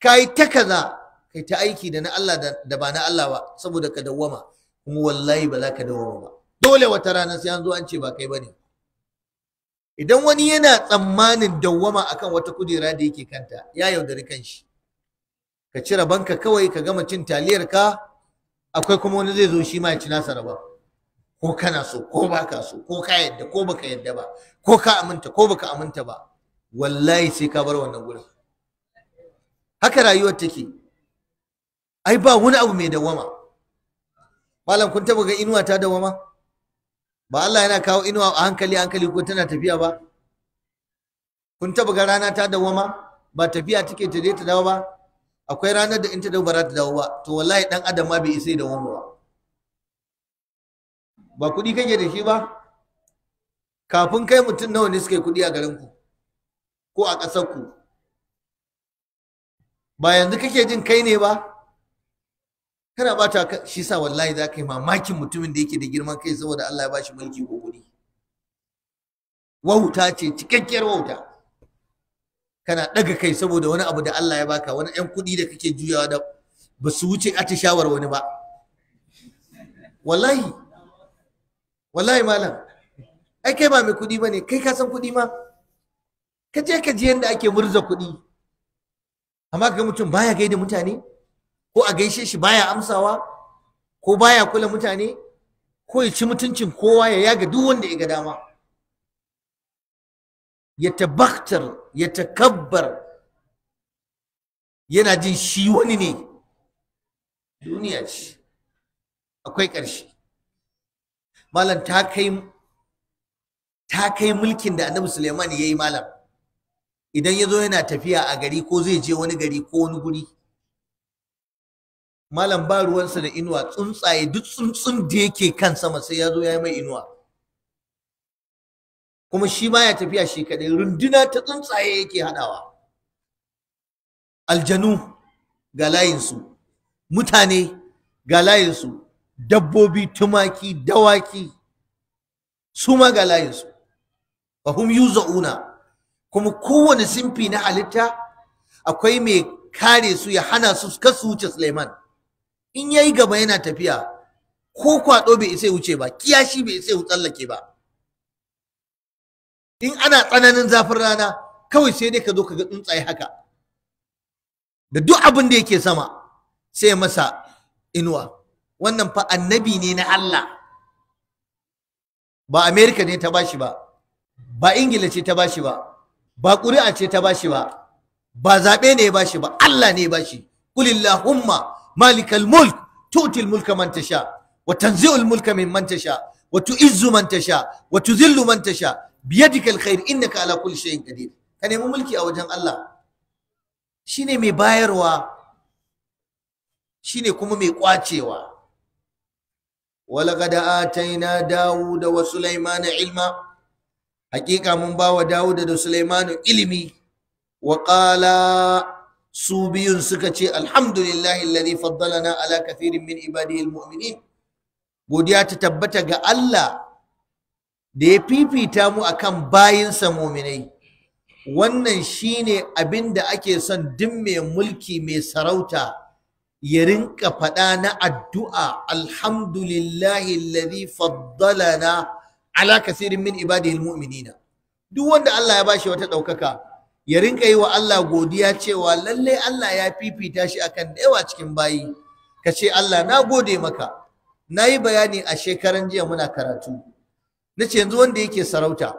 Speaker 1: kai ta kaza kai ta aiki da na Allah da ba na Allah ba saboda ka dawwama kuma wallahi ba za ka dawwama ba dole wata rana sai an zo an ce ba kai bane idan wani yana tsammanin dawwama akan wata kujera da yake kanta ya yaudari kanshi ka cire banka kawai ka gama cin taliyar ka akwai kuma wani zai zo shi ma ya ci nasa rabar ko kana so ko baka so ko ka yadda ko baka yadda ba ko ka aminta ko baka aminta ba wallahi sai ka bar wannan gurin haka rayuwar take ai ba wani abu mai dawama malam kun taba ga inuwa ta dawama ba Allah yana kawo inuwa a hankali hankali ko tana tafiya ba kun taba ga rana ta dawama ba tafiya take ta je ta dawo ba akwai ranar da in ta dawo ba za ta dawo ba to wallahi dan adam ma bai isa ya dawo ba ba kuɗi kake da shi ba kafin kai mutum nawa ne suke kuɗi a garinku ko a ƙasarku ba yanzu kake jin kai ne ba kana bata shi sa wallahi za ka yi mamakin mutumin da yake da girman kai saboda Allah ya bashi mulki ko kuɗi wauta ce cikakkiyar wauta kana ɗaga kai saboda wani abu da Allah ya baka wani 'yan kuɗi da kake juyawa da ba su wuce atishawar wani ba wallahi wallahi malam ai kai ba mai kuɗi ba ne kai ka san kuɗi ma ka je ka ji yadda ake murza kuɗi amma ga mutum baya gaida mutane ko a gaishe shi baya amsawa ko baya kula mutane ko ya ci mutuncin kowa ya yaga duk wanda ya ga dama ya tabaktar ya takabbar yana jin shi wani ne duniya ce akwai ƙarshe malam ta kai ta kai mulkin da annabi Suleiman ya yi malam idan ya zo yana tafiya a gari ko zai je wani gari ko wani guri malam ba ruwansa da inuwa tsuntsaye duk tsuntsun da yake kan sama sai ya zo ya yi mai inuwa kuma shi ma ya tafiya shi kaɗai runduna ta tsuntsaye yake haɗawa aljanu ga layinsu mutane ga layinsu dabbobi tumaki dawaki su ma ga layinsu hum yuza'una kuma kowane simfi na halitta akwai mai kare su ya hana su kasu wuce Suleiman in ya yi gaba yana tafiya ko kwado bai isa wuce ba kiyashi bai isa tsallake ba in ana tsananin zafin rana kawai sai dai ka zo ka ga tsuntsaye haka da duk abin da yake sama sai masa inuwa wannan fa annabi ne na Allah ba Amerika ne ta bashi ba ba Ingila ce ta bashi ba ba ƙuri'a ce ta bashi ba ba zaɓe ne ya bashi ba Allah ne ya bashi kulillahumma malikal mulk tu'til mulka man tasha wa tanzi'ul mulka man tasha wa tu'izzu man tasha wa tuzillu man tasha biyadikal khair innaka ala kulli shay'in qadir ka nemi mulki a wajen Allah shine mai bayarwa shine kuma mai kwacewa ولقد آتينا داود وسليمان علما حقيقة من باوى داود وسليمان علمي وقال سوبي سكتي الحمد لله الذي فضلنا على كثير من عباده المؤمنين godiya ta tabbata ga Allah da ya fifita mu akan bayinsa muminai wannan shine abin da ake son duk mai mulki mai sarauta ya rinka faɗa na addu'a alhamdulillahi alladhi faddalana ala kasirin min ibadihi almu'minina duk wanda Allah ya bashi wata ɗaukaka ya rinka yi wa Allah godiya cewa lallai Allah ya fifita shi akan da cikin bayi ka ce Allah na gode maka na yi bayani a shekaran jiya muna karatu na ce yanzu wanda yake sarauta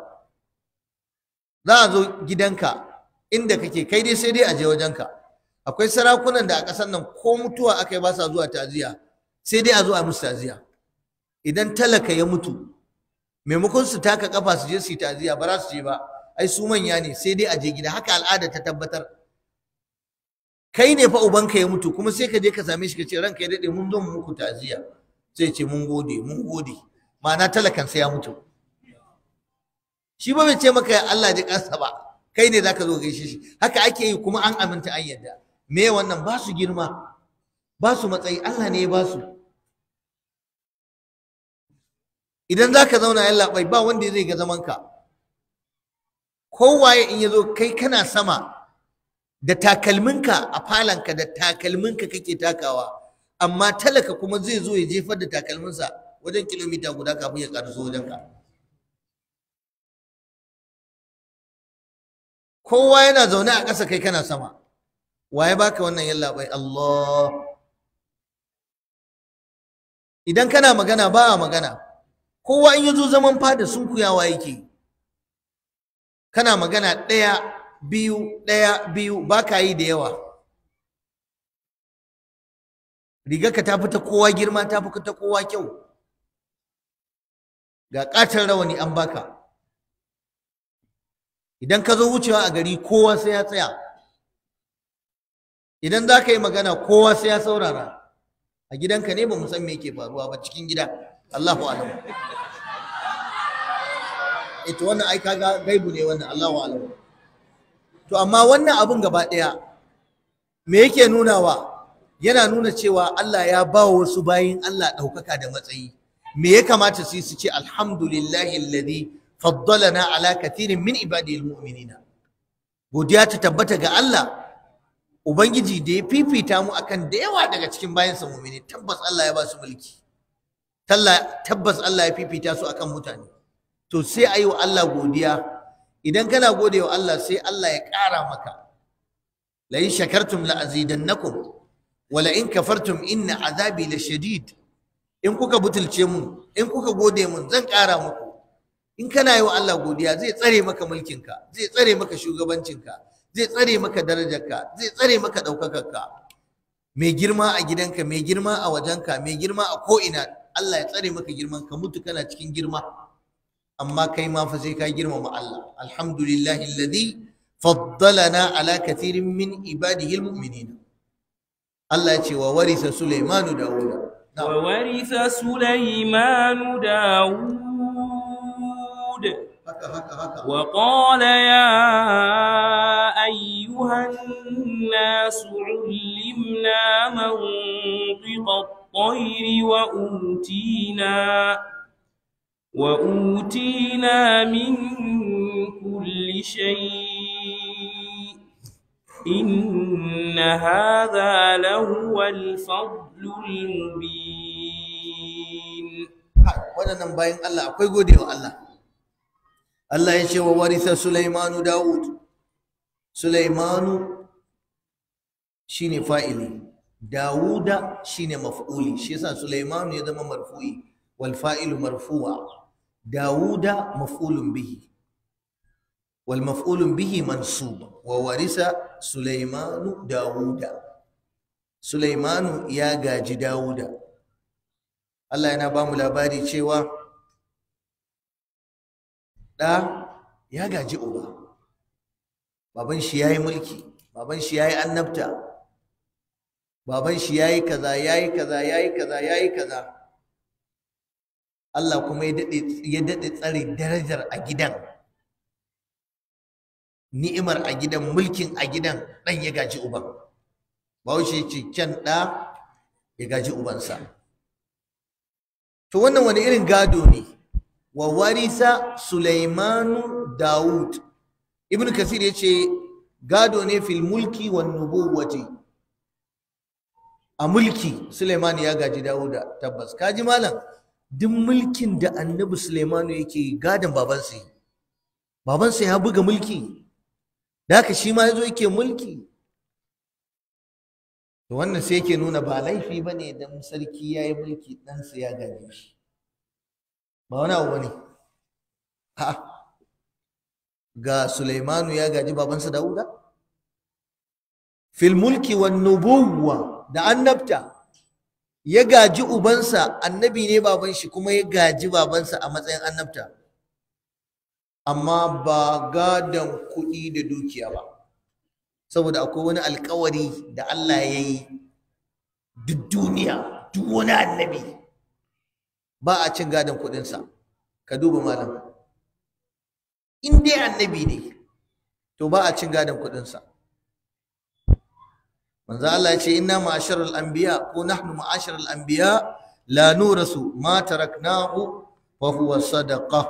Speaker 1: za a zo gidanka inda kake kai dai sai dai a je wajenka akwai sarakunan da a ƙasar nan ko mutuwa aka yi ba sa zuwa taziya sai dai a zo musu taziya idan talaka ya mutu maimakon su taka kafa su je su yi taziya ba za su je ba ai su manya ne sai dai a je gida haka al'ada ta tabbatar kai ne fa ubanka ya mutu kuma sai ka je ka same shi ka ce ranka ya daɗe mun zo muku taziya sai ce mun gode mun gode ma'ana talakan sai ya mutu shi ba bai ce maka Allah ji kansa ba kai ne zaka zo gaishe shi haka ake yi kuma an aminta an yadda me wannan ba su girma ba su matsayi Allah ne ba su idan za ka zauna yalla labai ba wanda zai ga zaman ka kowaye in ya zo kai kana sama da takalminka a ka, da takalminka kake takawa amma talaka kuma zai zo ya jefar da takalminsa wajen kilomita guda kafin ya wajen ka. kowa yana zaune a ƙasa kai kana sama Wa ya baka wannan yallaɓai Allah idan kana magana ba a magana kowa in ya zo zaman fada sunkuyawa yake kana magana ɗaya biyu ɗaya biyu baka yi da yawa rigarka ta fi kowa girma ta ta kowa kyau ga ƙatar rawani an baka idan ka zo wucewa a gari kowa sai ya tsaya idan za ka yi magana kowa sai ya saurara a gidanka ne ba mu san me yake faruwa ba cikin gida Allahu alam ita eh, wannan ai kaga gaibu ne wannan Allahu alam to amma wannan abun gaba daya me yake nunawa yana nuna cewa Allah ya ba wasu bayin Allah ɗaukaka da matsayi me ya kamata su su ce alhamdulillahi alladhi faddalana ala kathirin min ibadil mu'minina godiya ta tabbata ga Allah ubangiji da ya fifita mu akan da yawa daga cikin bayansa mu'mini tabbas Allah ya ba su mulki tabbas Allah ya fifita su akan mutane to sai ayi wa Allah godiya idan kana gode wa Allah sai Allah ya ƙara maka la in shakartum la azidannakum wa la in kafartum inna azabi lashadid in kuka butulce mun in kuka gode mun zan ƙara muku in kana yi wa Allah godiya zai tsare maka mulkinka zai tsare maka shugabancinka zai tsare maka darajarka zai tsare maka ɗaukakarka mai girma a gidanka mai girma a wajenka mai girma a ko'ina Allah ya tsare maka girman ka mutu kana cikin girma amma kai ma fa sai ka girmama Allah alhamdulillahi alladhi faddalana ala kathirin min ibadihi almu'minin Allah ya ce wa warisa Sulaimanu Dawuda
Speaker 2: wa warisa Dawud وقال يا أيها الناس علمنا منطق الطير وأوتينا وأوتينا من كل شيء إن هذا لهو الفضل المبين وأنا bayan Allah akwai godewa
Speaker 1: Allah ya ce wa warisa Sulaimanu Dawud Sulaimanu shine fa'ili Dawuda ne maf'uli shi yasa Sulaimanu ya zama marfu'i wal fa'ilu marfuwa. Dawuda maf'ulun bihi wal maf'ulun bihi mansub wa warisa Sulaimanu Dawuda Sulaimanu ya gaji Dawuda Allah yana ba mu labari cewa ɗa ya gaji uba baban shi ya yi mulki baban shi ya yi annabta baban shi ya yi kaza ya yi kaza ya yi kaza ya yi kaza Allah kuma ya daɗe tsare darajar a gidan ni'imar a gidan mulkin a gidan ɗan ya gaji uban bahaushe can ɗa ya gaji ubansa to wannan wani irin gado ne wa warisa sulaimanu daud ibn kasir ya ce gado ne fil mulki wa nubuwati a mulki suleiman ya gaji dawuda tabbas kaji malam duk mulkin da annabi suleimanu yake gadon Baban babansa ya buga mulki da haka shi ma yazo yake mulki to wannan sai yake nuna ba laifi bane dan sarki yayi yi mulki ɗansa ya gaji shi ba wani abu bane ha ga Sulaimanu ya gaji babansa Dauda? fil mulki wan nubuwwa da annabta ya gaji ubansa annabi ne baban shi kuma ya gaji babansa a matsayin annabta amma ba gadon kuɗi da dukiya ba saboda akwai wani alkawari da Allah ya yi duk duniya duk wani annabi ba a cin gadon kuɗinsa ka duba malam in dai annabi ne to ba a cin gadon kuɗinsa manzo Allah ya ce inna ma'asharal anbiya ko nahnu ma'asharal anbiya la nurasu ma taraknahu wa huwa sadaqa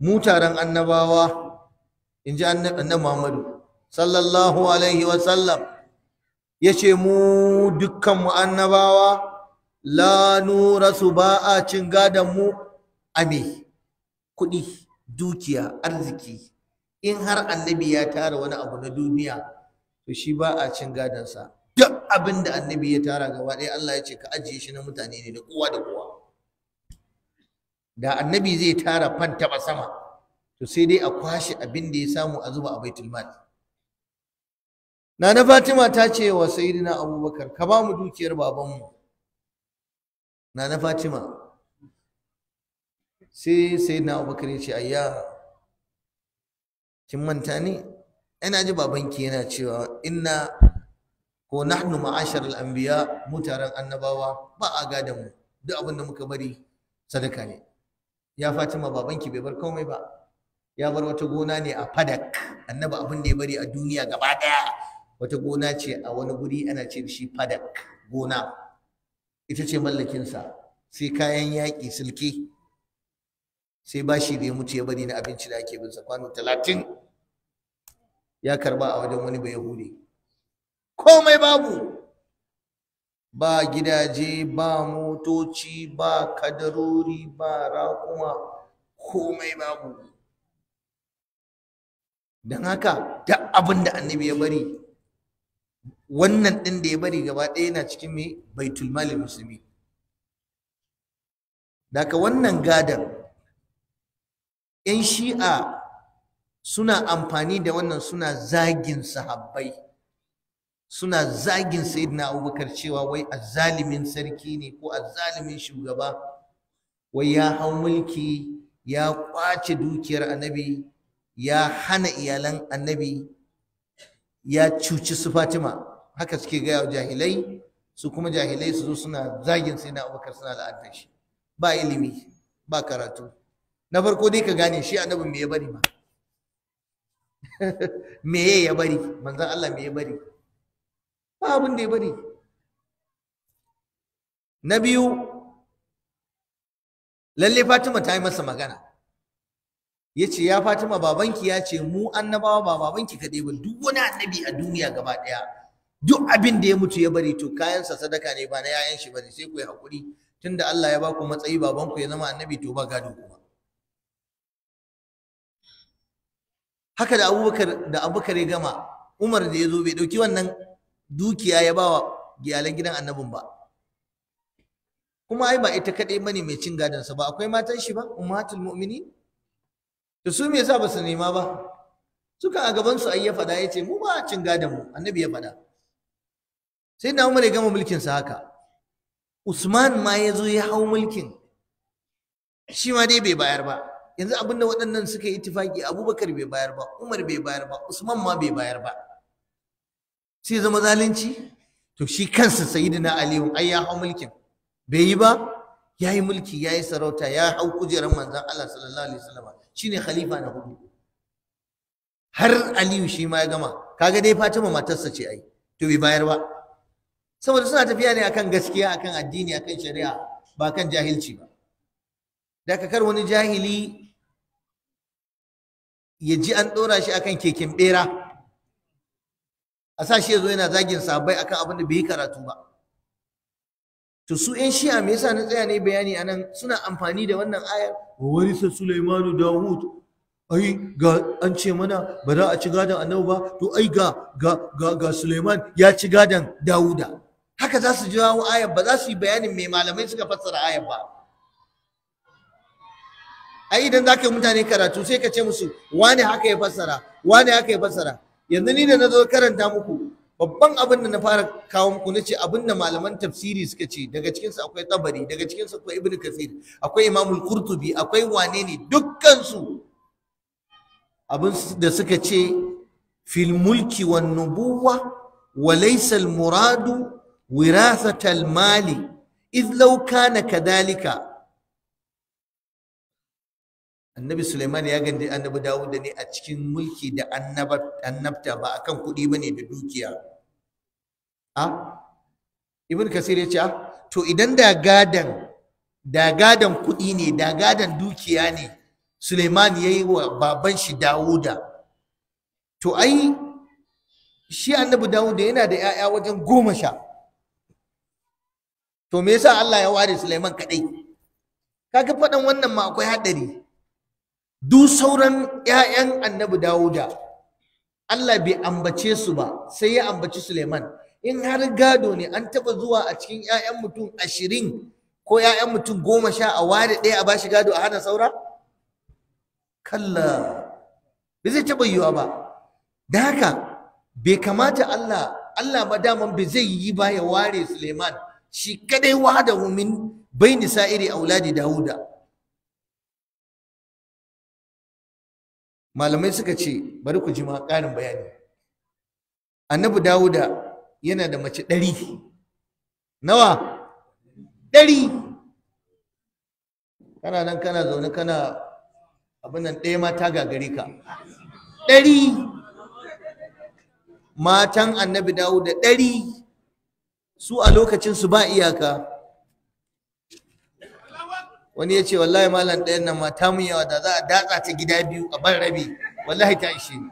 Speaker 1: mu taron annabawa in ji annabi Muhammadu sallallahu alaihi wa sallam Ya ce mu dukkan mu annabawa la nura su ba a cin gadon mu a me kuɗi dukiya arziki in har annabi ya tara wani abu na duniya to shi ba a cin sa. duk abin da annabi ya tara gaba ɗaya Allah ya ce ka ajiye shi na mutane ne da kowa da kowa da annabi zai tara fan taɓa sama to sai dai a kwashe abin da ya samu a zuba a baitul nana fatima ta ce wa sayyidina abubakar ka ba mu dukiyar babanmu na na fatima sai sai na abubakar ce ayya kin manta ni ina ji babanki yana cewa inna ko nahnu ma'ashar al'anbiya mutaren annabawa ba a gadon mu duk abin da muka bari sadaka ne ya fatima babanki bai bar komai ba ya bar wata gona ne a fadak annaba abin da ya bari a duniya gaba daya wata gona ce a wani guri ana ce shi fadak gona ita ce mallakinsa sai kayan yaƙi silki sai bashi da ya mutu ya bari na abinci da ake binsa kwano talatin ya karba a wajen wani bai yahudi komai babu ba gidaje ba motoci ba kadarori ba raƙuma komai babu don haka duk abin da annabi ya bari wannan ɗin da ya bari gaba ɗaya yana cikin mai baitul mali musulmi daga wannan gadar 'yan shi'a suna amfani da wannan suna zagin sahabbai suna zagin na abubakar cewa wai a zalimin sarki ne ko a zalimin shugaba wai ya hau mulki ya kwace dukiyar annabi ya hana iyalan annabi ya cuci su fatima haka suke gaya wa jahilai su kuma jahilai su zo suna zagin sai na abubakar suna la'adar shi ba ilimi ba karatu na farko dai ka gane shi Annabi me ya bari ma me ya bari manzon Allah me ya bari ba abin da ya bari na biyu lalle Fatima ta yi masa magana ya ce ya Fatima babanki ya ce mu annabawa ba babanki kadai ba duk wani annabi a duniya gaba ɗaya duk abin da ya mutu ya bari to kayansa sadaka ne ba na 'ya'yan shi bane sai ku yi hakuri tunda Allah ya baku matsayi babanku ya zama annabi to ba gado kuma haka da Abubakar da Abubakar ya gama Umar da ya zo bai dauki wannan dukiya ya bawa iyalan gidan annabin ba kuma ai ba ita kadai bane mai cin gadon sa ba akwai matan shi ba ummatul mu'minin to su me yasa ba nema ba suka a gaban su ai ya fada yace mu ba cin gadon mu annabi ya fada sai na umar ya gama mulkin sa haka usman ma ya zo ya hau mulkin shi ma dai bai bayar ba yanzu abinda waɗannan suka yi tufaki abubakar bai bayar ba umar bai bayar ba usman ma bai bayar ba sai zama zalunci to shi kansa sayyidina aliyu ai ya hau mulkin bai yi ba ya yi mulki ya yi sarauta ya hau kujerar manzan Allah sallallahu alaihi wasallam shine khalifa na hudu har aliyu shi ma ya gama kaga dai fatima matarsa ce ai to bai bayar ba saboda suna tafiya ne akan gaskiya akan addini akan shari'a ba kan jahilci ba da ka kar wani jahili ya ji an ɗora shi akan keken ɓera, a sa shi ya zo yana zagin sabai akan abin da bai yi karatu ba to su yan shi'a me yasa na tsaya ne bayani anan suna amfani da wannan ayar wa sa sulaimanu dawud ai ga an ce mana ba za a ci gadon annabi ba to ai ga ga ga, ga Suleiman ya ci gadon Dawuda haka za su wa ayar ba za su yi bayanin mai malamai suka fassara ayar ba ai idan za ka yi mutane karatu sai ka ce musu wane haka ya fassara wane haka ya fassara yanzu ni da na zo karanta muku babban abin da na fara kawo muku na ce abin da malaman tafsiri suka ce daga cikinsu akwai tabari daga cikinsu akwai ibn kasir akwai imamul kurtubi akwai wane ne dukkansu abin da suka ce fil mulki wan nubuwa wa laysa al muradu wirasatal mali idh law kana annabi Suleiman ya gandi annabi Dawud ne a cikin mulki da annabta ba kan kuɗi bane da dukiya a ibn kasir ya ce to idan dagadan, gadan kuɗi ne dagadan dukiya ne Suleiman ya yi wa baban shi Dawuda to shi annabi Dawuda yana da 'ya'ya wajen goma sha to me yasa Allah ya ware Sulaiman kadai kaga faɗan wannan ma akwai haɗari duk sauran 'ya'yan annabi Dawuda Allah bai ambace su ba sai ya ambaci Sulaiman in har gado ne an taɓa zuwa a cikin 'ya'yan mutum ashirin ko ƴaƴan mutum goma sha a ware ɗaya a bashi gado a hana saura kalla bai zai taɓa yiwa ba da haka bai kamata Allah Allah madaman bai zai yi ba ya ware Suleiman shi kadai wahdahu min iri sa'iri auladi dauda malamai suka ce bari ku ji ma ƙarin bayani annabi dauda yana da mace ɗari nawa ɗari kana nan kana zaune kana abin nan ɗaya ma ta gagare ka ɗari matan annabi dawuda ɗari su a lokacin su ba iyaka wani ya ce wallahi malam ɗayan nan mata mun yawa da za a datsa ta gida biyu a ban rabi wallahi ta ishe ni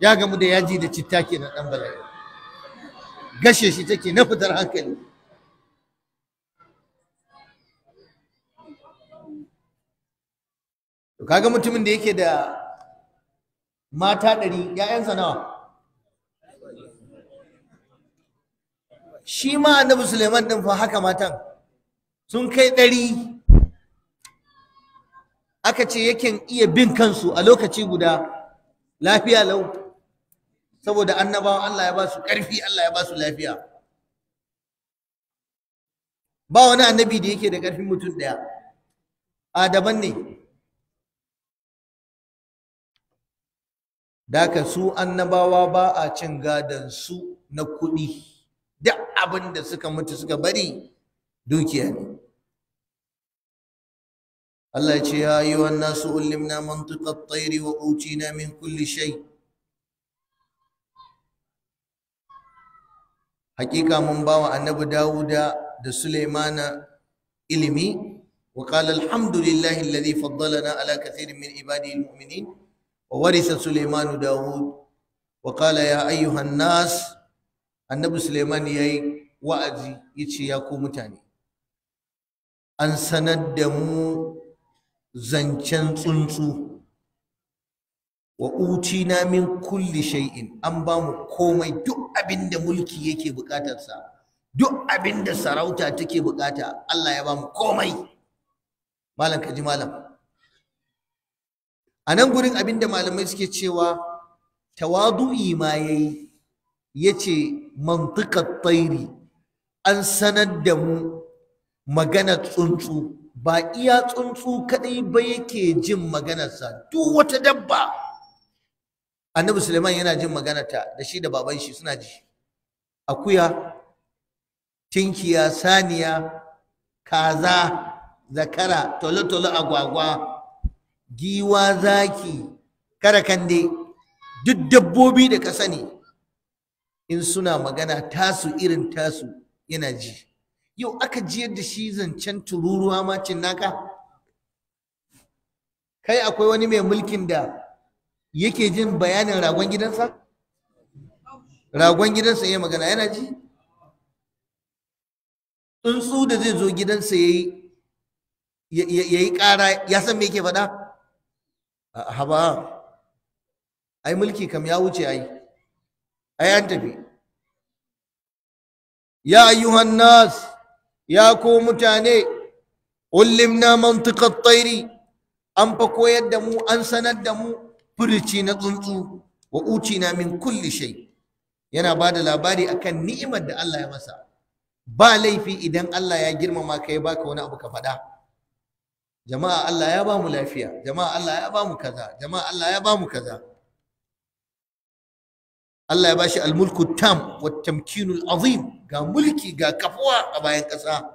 Speaker 1: ya gamu da yaji da citta ke na ɗan bala'i gashe shi take na fitar hankali kaga mutumin da yake da mata ɗari ‘ya'yansa nawa shi ma annabi Suleiman din fa haka matan sun kai ɗari aka ce yakin iya bin kansu a lokaci guda lafiya lau saboda annabawan Allah ya ba su ƙarfi Allah ya ba su lafiya ba wani annabi da yake da ƙarfin mutum ɗaya a daban ne Da su annabawa ba a cin gadon su na kuɗi duk abin da suka mutu suka bari dukiya ne Allah ce ya yi wa nasu ulimna mantuƙar tsairi wa na min kulli shai hakika mun ba wa annabi dawuda da Suleimana ilimi wa qala alhamdulillahi alladhi faddalana ala kathirin min ibadihi almu'minin wa warisa sulaimanu dawud wa qala ya ayyuhan nas annabi suleiman ya yi wa'azi ya ce ya ko mutane an sanar da mu zancen tsuntsu wa na min kulli shay'in an ba mu komai duk abin da mulki yake bukatarsa duk abin da sarauta take bukata Allah ya ba mu komai malam kaji malam a nan gurin abin da malamai suke cewa tawadu'i ma yayi yace mantiqat tsairi an sanar da mu magana tsuntsu ba iya tsuntsu kadai ba yake jin maganarsa duk wata dabba annabi suleiman yana jin maganarta da shi da baban shi suna ji akuya tinkiya saniya kaza zakara tolotolo agwagwa giwa zaki kare-kande, duk dabbobi da ka sani in suna magana tasu irin tasu yana ji yau aka ji yadda shi zancen tururuwa macin naka kai akwai wani mai mulkin da yake jin bayanin ragon gidansa ragon gidansa ya magana yana ji tsuntsu da zai zo gidansa ya yi ƙara ya san me yake faɗa haba ai mulki kam ya wuce ai ai tafi ya ayyuhan nas ya ko mutane ullimna mantiqat tayri an fa koyar da mu an sanar da mu furici na tsuntsu wa na min kulli shay yana ba da labari akan ni'imar da Allah ya masa ba laifi idan Allah ya girmama ka ya baka wani abu ka faɗa jama'a Allah ya ba mu lafiya jama'a Allah ya ba mu kaza jama'a Allah ya ba mu kaza Allah ya bashi almulku tam wa tamkinul azim ga mulki ga kafuwa a bayan ƙasa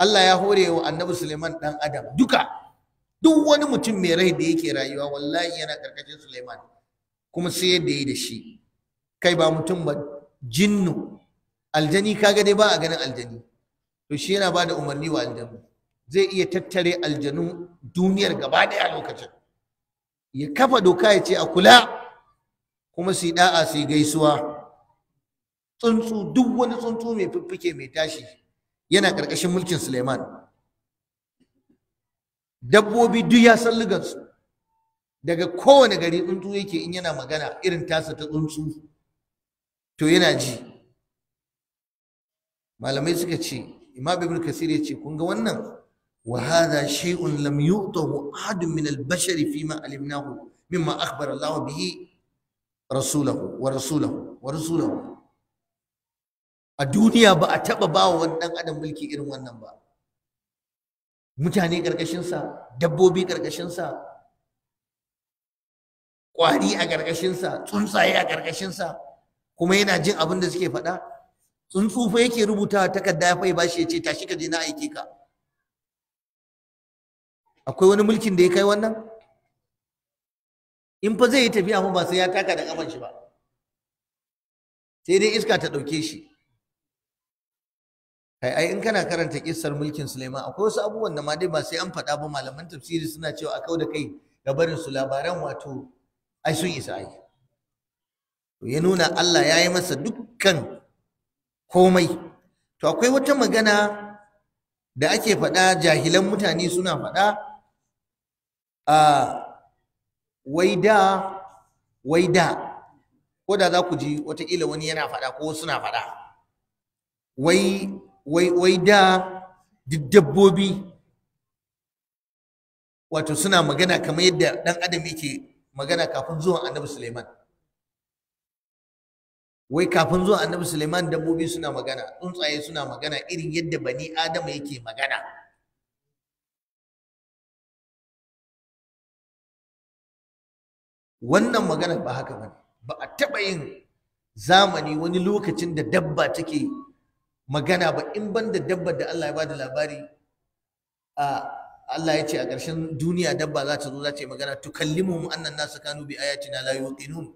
Speaker 1: Allah ya hore wa annabi Suleiman dan Adam duka duk wani mutum mai rai da yake rayuwa wallahi yana karkashin Suleiman kuma sai yadda yi da shi kai ba mutum ba jinnu aljani kaga dai ba a ganin aljani to shi yana ba da umarni wa aljanu zai iya tattare aljanun duniyar gaba daya a lokacin ya kafa doka ya ce a kula kuma su ɗa'a su gaisuwa tsuntsu duk wani tsuntsu mai fiffike mai tashi yana ƙarƙashin mulkin Suleiman dabbobi duk ya san lugansu daga kowane gari tsuntsu yake in yana magana irin tasa ta tsuntsu to yana ji malamai suka ce imam ibn kasir ya ce kun ga wannan وهذا شيء لم يؤطه أحد من البشر فيما علمناه مما أخبر الله به rasulahu wa rasulahu wa rasulahu a duniya ba a taɓa ba wa wani adam mulki irin wannan ba mutane ƙarƙashinsa dabbobi ƙarƙashinsa ƙwari a ƙarƙashinsa tsuntsaye a ƙarƙashinsa kuma yana jin abin da suke faɗa tsuntsu fa yake rubuta takarda ya fai bashi ya ce tashi ka je na aike ka akwai wani mulkin da ya kai wannan in fa zai yi tafiya fa ba sai ya taka da kafan shi ba sai dai iska ta ɗauke shi kai ai in kana karanta kissar mulkin Sulaiman akwai wasu abubuwan da ma dai ba sai an faɗa ba malaman tafsiri suna cewa a kau da kai ga barin su labaran wato ai sun isa ai ya nuna Allah ya yi masa dukkan komai to akwai wata magana da ake faɗa jahilan mutane suna faɗa a wai da wai da ko da za ku ji watakila wani yana faɗa ko suna faɗa wai wai wai da dabbobi wato suna magana kamar yadda ɗan adam yake magana kafin zuwan annabi suleiman wai kafin zuwan annabi suleiman dabbobi suna
Speaker 2: magana tsuntsaye suna magana irin yadda bani adam yake magana
Speaker 1: wannan magana ba
Speaker 2: haka ba ba a taɓa yin zamani wani lokacin da dabba take
Speaker 1: magana ba in ban da dabba da Allah ya ba da labari a Allah ya ce a ƙarshen duniya dabba za ta zo za ta yi magana tukallimuhum annan nasu kanu bi ayatina la yuqinun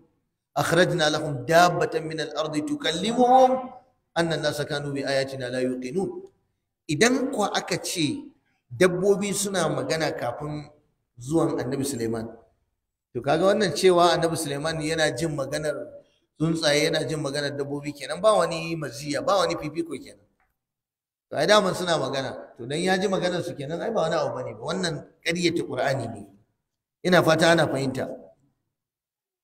Speaker 1: akhrajna lahum dabbatan min al-ardi tukallimuhum annan nasu kanu bi ayatina la yuqinun idan kuwa aka ce dabbobi suna magana kafin zuwan annabi Suleiman to kaga wannan cewa annabi Suleiman yana jin maganar tsuntsaye yana jin maganar dabbobi kenan ba wani maziya ba wani fifiko kenan to ai daman suna magana to dan ya ji maganar su kenan ai ba wani abu bane ba wannan ƙaryata Qur'ani ne ina fata ana fahimta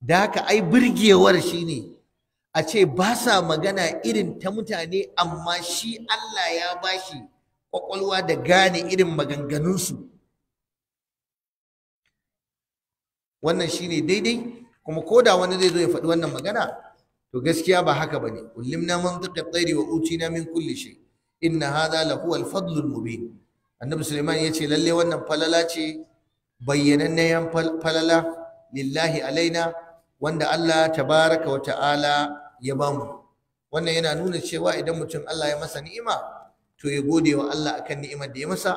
Speaker 1: da haka ai burgewar shine a ce ba sa magana irin ta mutane amma shi Allah ya bashi kwakwalwa da gane irin maganganunsu wannan shine daidai kuma ko da wani zai zo ya faɗi wannan magana to gaskiya ba haka ba bane na man at-tayri wa utina min kulli shi. inna hadha la huwa al mubin annabi ya ce lalle wannan falala ce bayyanannen falala lillahi alaina wanda Allah tabaraka wa ta'ala ya bamu wannan yana nuna cewa idan mutum Allah ya masa ni'ima to ya gode wa Allah akan ni'imar da ya masa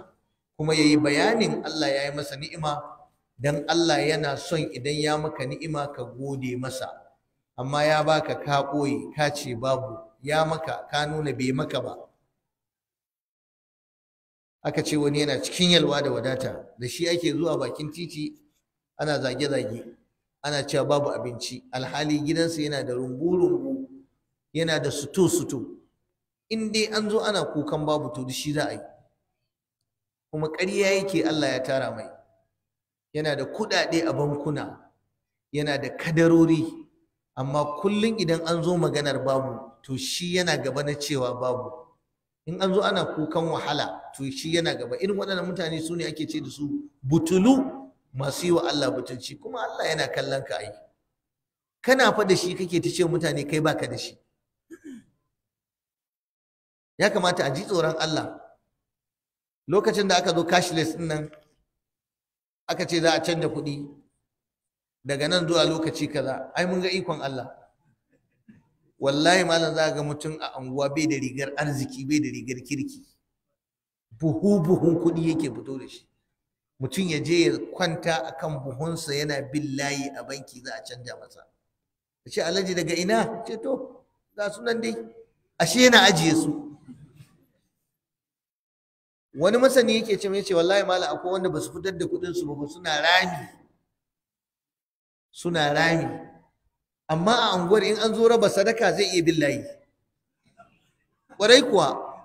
Speaker 1: kuma yayi bayanin Allah ya yi masa ni'ima dan Allah yana son idan ya maka ni'ima ka gode masa amma ya baka ka ɓoye ka ce babu ya maka ka nuna bai maka ba aka ce wani yana cikin yalwa da wadata da shi ake zuwa bakin titi ana zage-zage ana cewa babu abinci alhali gidansa yana da rumbu-rumbu yana da suto-suto in dai an zo ana kukan babu to shi za a yi kuma ƙarya yake Allah ya tara mai yana da kuɗaɗe a bankuna yana da kadarori amma kullum idan an zo maganar babu to shi yana gaba na cewa babu in an zo ana kukan wahala to shi yana gaba irin waɗannan mutane su ne ake ce da su butulu masu yi wa Allah butulci kuma Allah yana kallon ka ai kana fa da shi kake ta ce mutane kai baka da shi ya kamata a ji tsoron Allah lokacin da aka zo cashless din nan aka ce za a canja kuɗi daga nan zuwa lokaci kaza ai mun ga ikon Allah wallahi malam za ga mutum a anguwa bai da rigar arziki bai da rigar kirki buhu buhun kuɗi yake fito da shi mutum ya je ya kwanta akan buhunsa yana bin layi a banki za a canja masa ce alhaji daga ina ce to ga sunan dai ashe yana ajiye su wani masani yake ce mai ce wallahi mala akwai wanda ba fitar da kuɗin su ba suna rami suna rami amma a anguwar in an zo raba sadaka zai iya bin layi Kwarai kuwa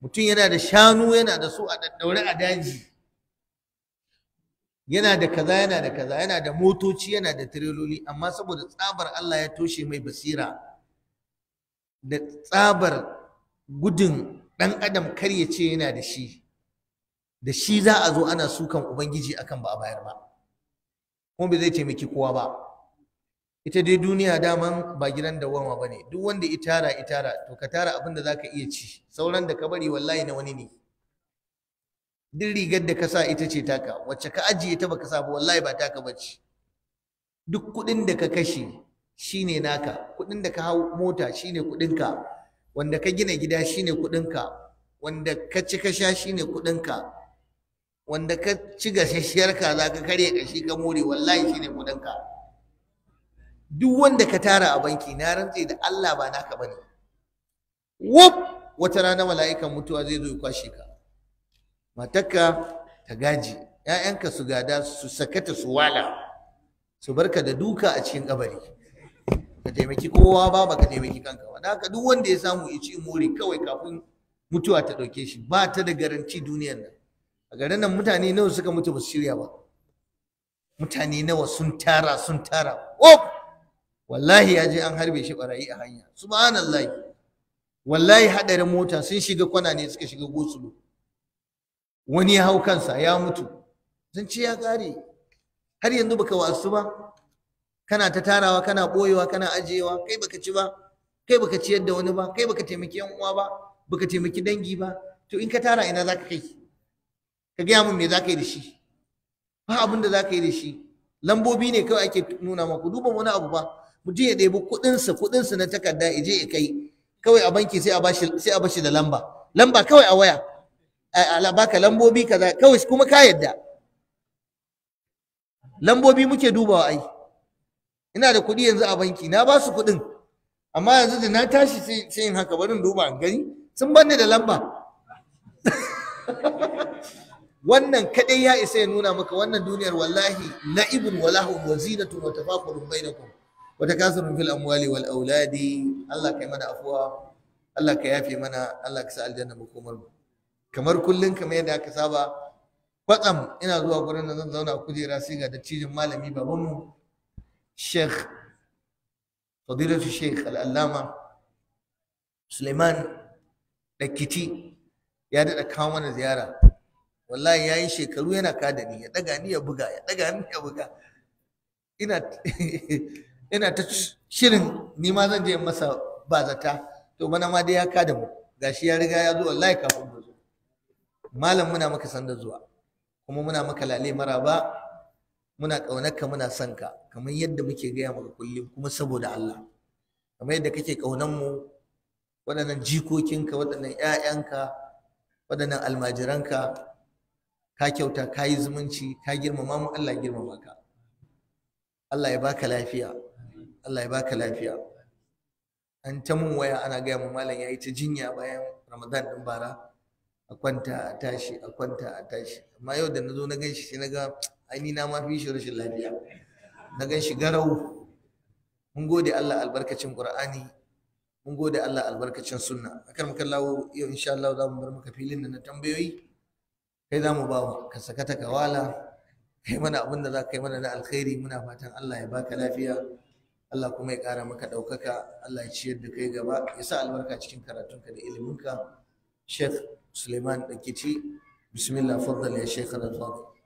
Speaker 1: mutum yana da shanu yana da su a daddaure a daji yana da kaza yana da kaza yana da motoci yana da tireloli amma saboda tsabar Allah ya toshe mai basira da tsabar gudun ɗan adam kar ya ce yana da shi da shi za a zo ana sukan ubangiji akan ba a bayar ba kuma bai zai taimaki kowa ba ita dai duniya daman ba gidan dawama ba ne duk wanda itara itara to ka tara abin da za ka iya ci sauran da ka bari wallahi na wani ne duk rigar da ka sa ita ce taka wacce ka ajiye ta baka sa ba wallahi ba taka bace duk kuɗin da ka kashe shine naka kuɗin da ka hau mota shine ka. wanda ka gina gida shi ne kuɗinka wanda ka ci ka sha ne kuɗinka wanda ka ci gasasshiyar kaza ka karya kashi ka more wallahi shi ne kuɗinka duk wanda ka tara a banki na rantse da Allah ba naka ne. wop wata rana mala'ikan mutuwa zai zo ya kwashe ka matarka ta gaji ‘ya'yanka su gada su sakata su wala su barka da duka a cikin kabari ka taimaki kowa ba ka taimaki kanka ba da haka duk wanda ya samu ya ci more kawai kafin mutuwa ta dauke shi ba ta da garanti duniyar nan a garin nan mutane nawa suka mutu ba shirya ba mutane nawa sun tara sun tara oh wallahi ya je an harbe shi barayi a hanya Subhanallah. wallahi hadarin mota sun shiga kwana ne suka shiga gosulo wani ya hau kansa ya mutu zan ce ya kare har yanzu baka wasu ba kana ta tarawa kana boyewa kana ajiyewa kai baka ci ba kai baka ciyar da wani ba kai baka taimaki yan uwa ba baka taimaki dangi ba to in ka tara ina zaka kai ka gaya mun me zaka yi da shi ba abin da zaka yi da shi lambobi ne kawai ake nuna maku duba wani abu ba mutum ya ɗebi kuɗinsa kuɗinsa na takarda ya je ya kai kawai a banki sai a bashi sai a bashi da lamba lamba kawai a waya a baka lambobi kaza kawai kuma ka yadda lambobi muke dubawa ai ina da kuɗi yanzu a banki na ba su kuɗin amma yanzu da na tashi sai in haka barin duba in gani sun banne da lamba wannan kaɗai ya isa ya nuna maka wannan duniyar wallahi la'ibun walahu wa zinatun wa tafakurun bainakum wa takasurun fil amwali wal auladi Allah kai mana afuwa Allah ka yafe mana Allah ka sa aljanna makomar mu kamar kullun kamar yadda aka saba kwatsam ina zuwa gurin nan zan zauna kujera sai ga dattijin malami babanmu Sheikh Fadilatu Sheikh Al'allama Suleiman Dakiti ya daɗa kawo mana ziyara wallahi ya yi shekaru yana kada ni ya ɗaga ni ya buga ya ɗaga ni ya buga ina ta shirin ni ma zan je masa ba zata to bana ma dai ya kada mu gashi ya riga ya zo wallahi kafin mu zo malam muna maka da zuwa kuma muna maka lale ba. muna ƙaunarka muna son ka kamar yadda muke gaya maka kullum kuma saboda Allah kamar yadda kake ƙaunar mu waɗannan jikokinka waɗannan ƴaƴanka waɗannan almajiranka ka kyauta ka yi zumunci ka girmama mu Allah girmama ka Allah ya baka lafiya Allah ya baka lafiya an ta mun waya ana gaya mu malam yayi ta jinya bayan Ramadan din bara a kwanta a tashi a kwanta a tashi amma yau da na zo na gan shi na ga ai na ma fi shi rashin lafiya na gan shi garau mun gode Allah albarkacin Qur'ani mun gode Allah albarkacin sunna akan mu lawo yau insha Allah za mu bar maka filin da na tambayoyi kai za mu ba ka sakata kawala kai mana abin da za ka yi mana na alkhairi muna fatan Allah ya baka lafiya Allah kuma ya ƙara maka ɗaukaka Allah ya ciyar da kai gaba ya sa albarka cikin karatunka da iliminka Sheikh Suleiman Dakici bismillah faddal ya Sheikh Al-Fadhil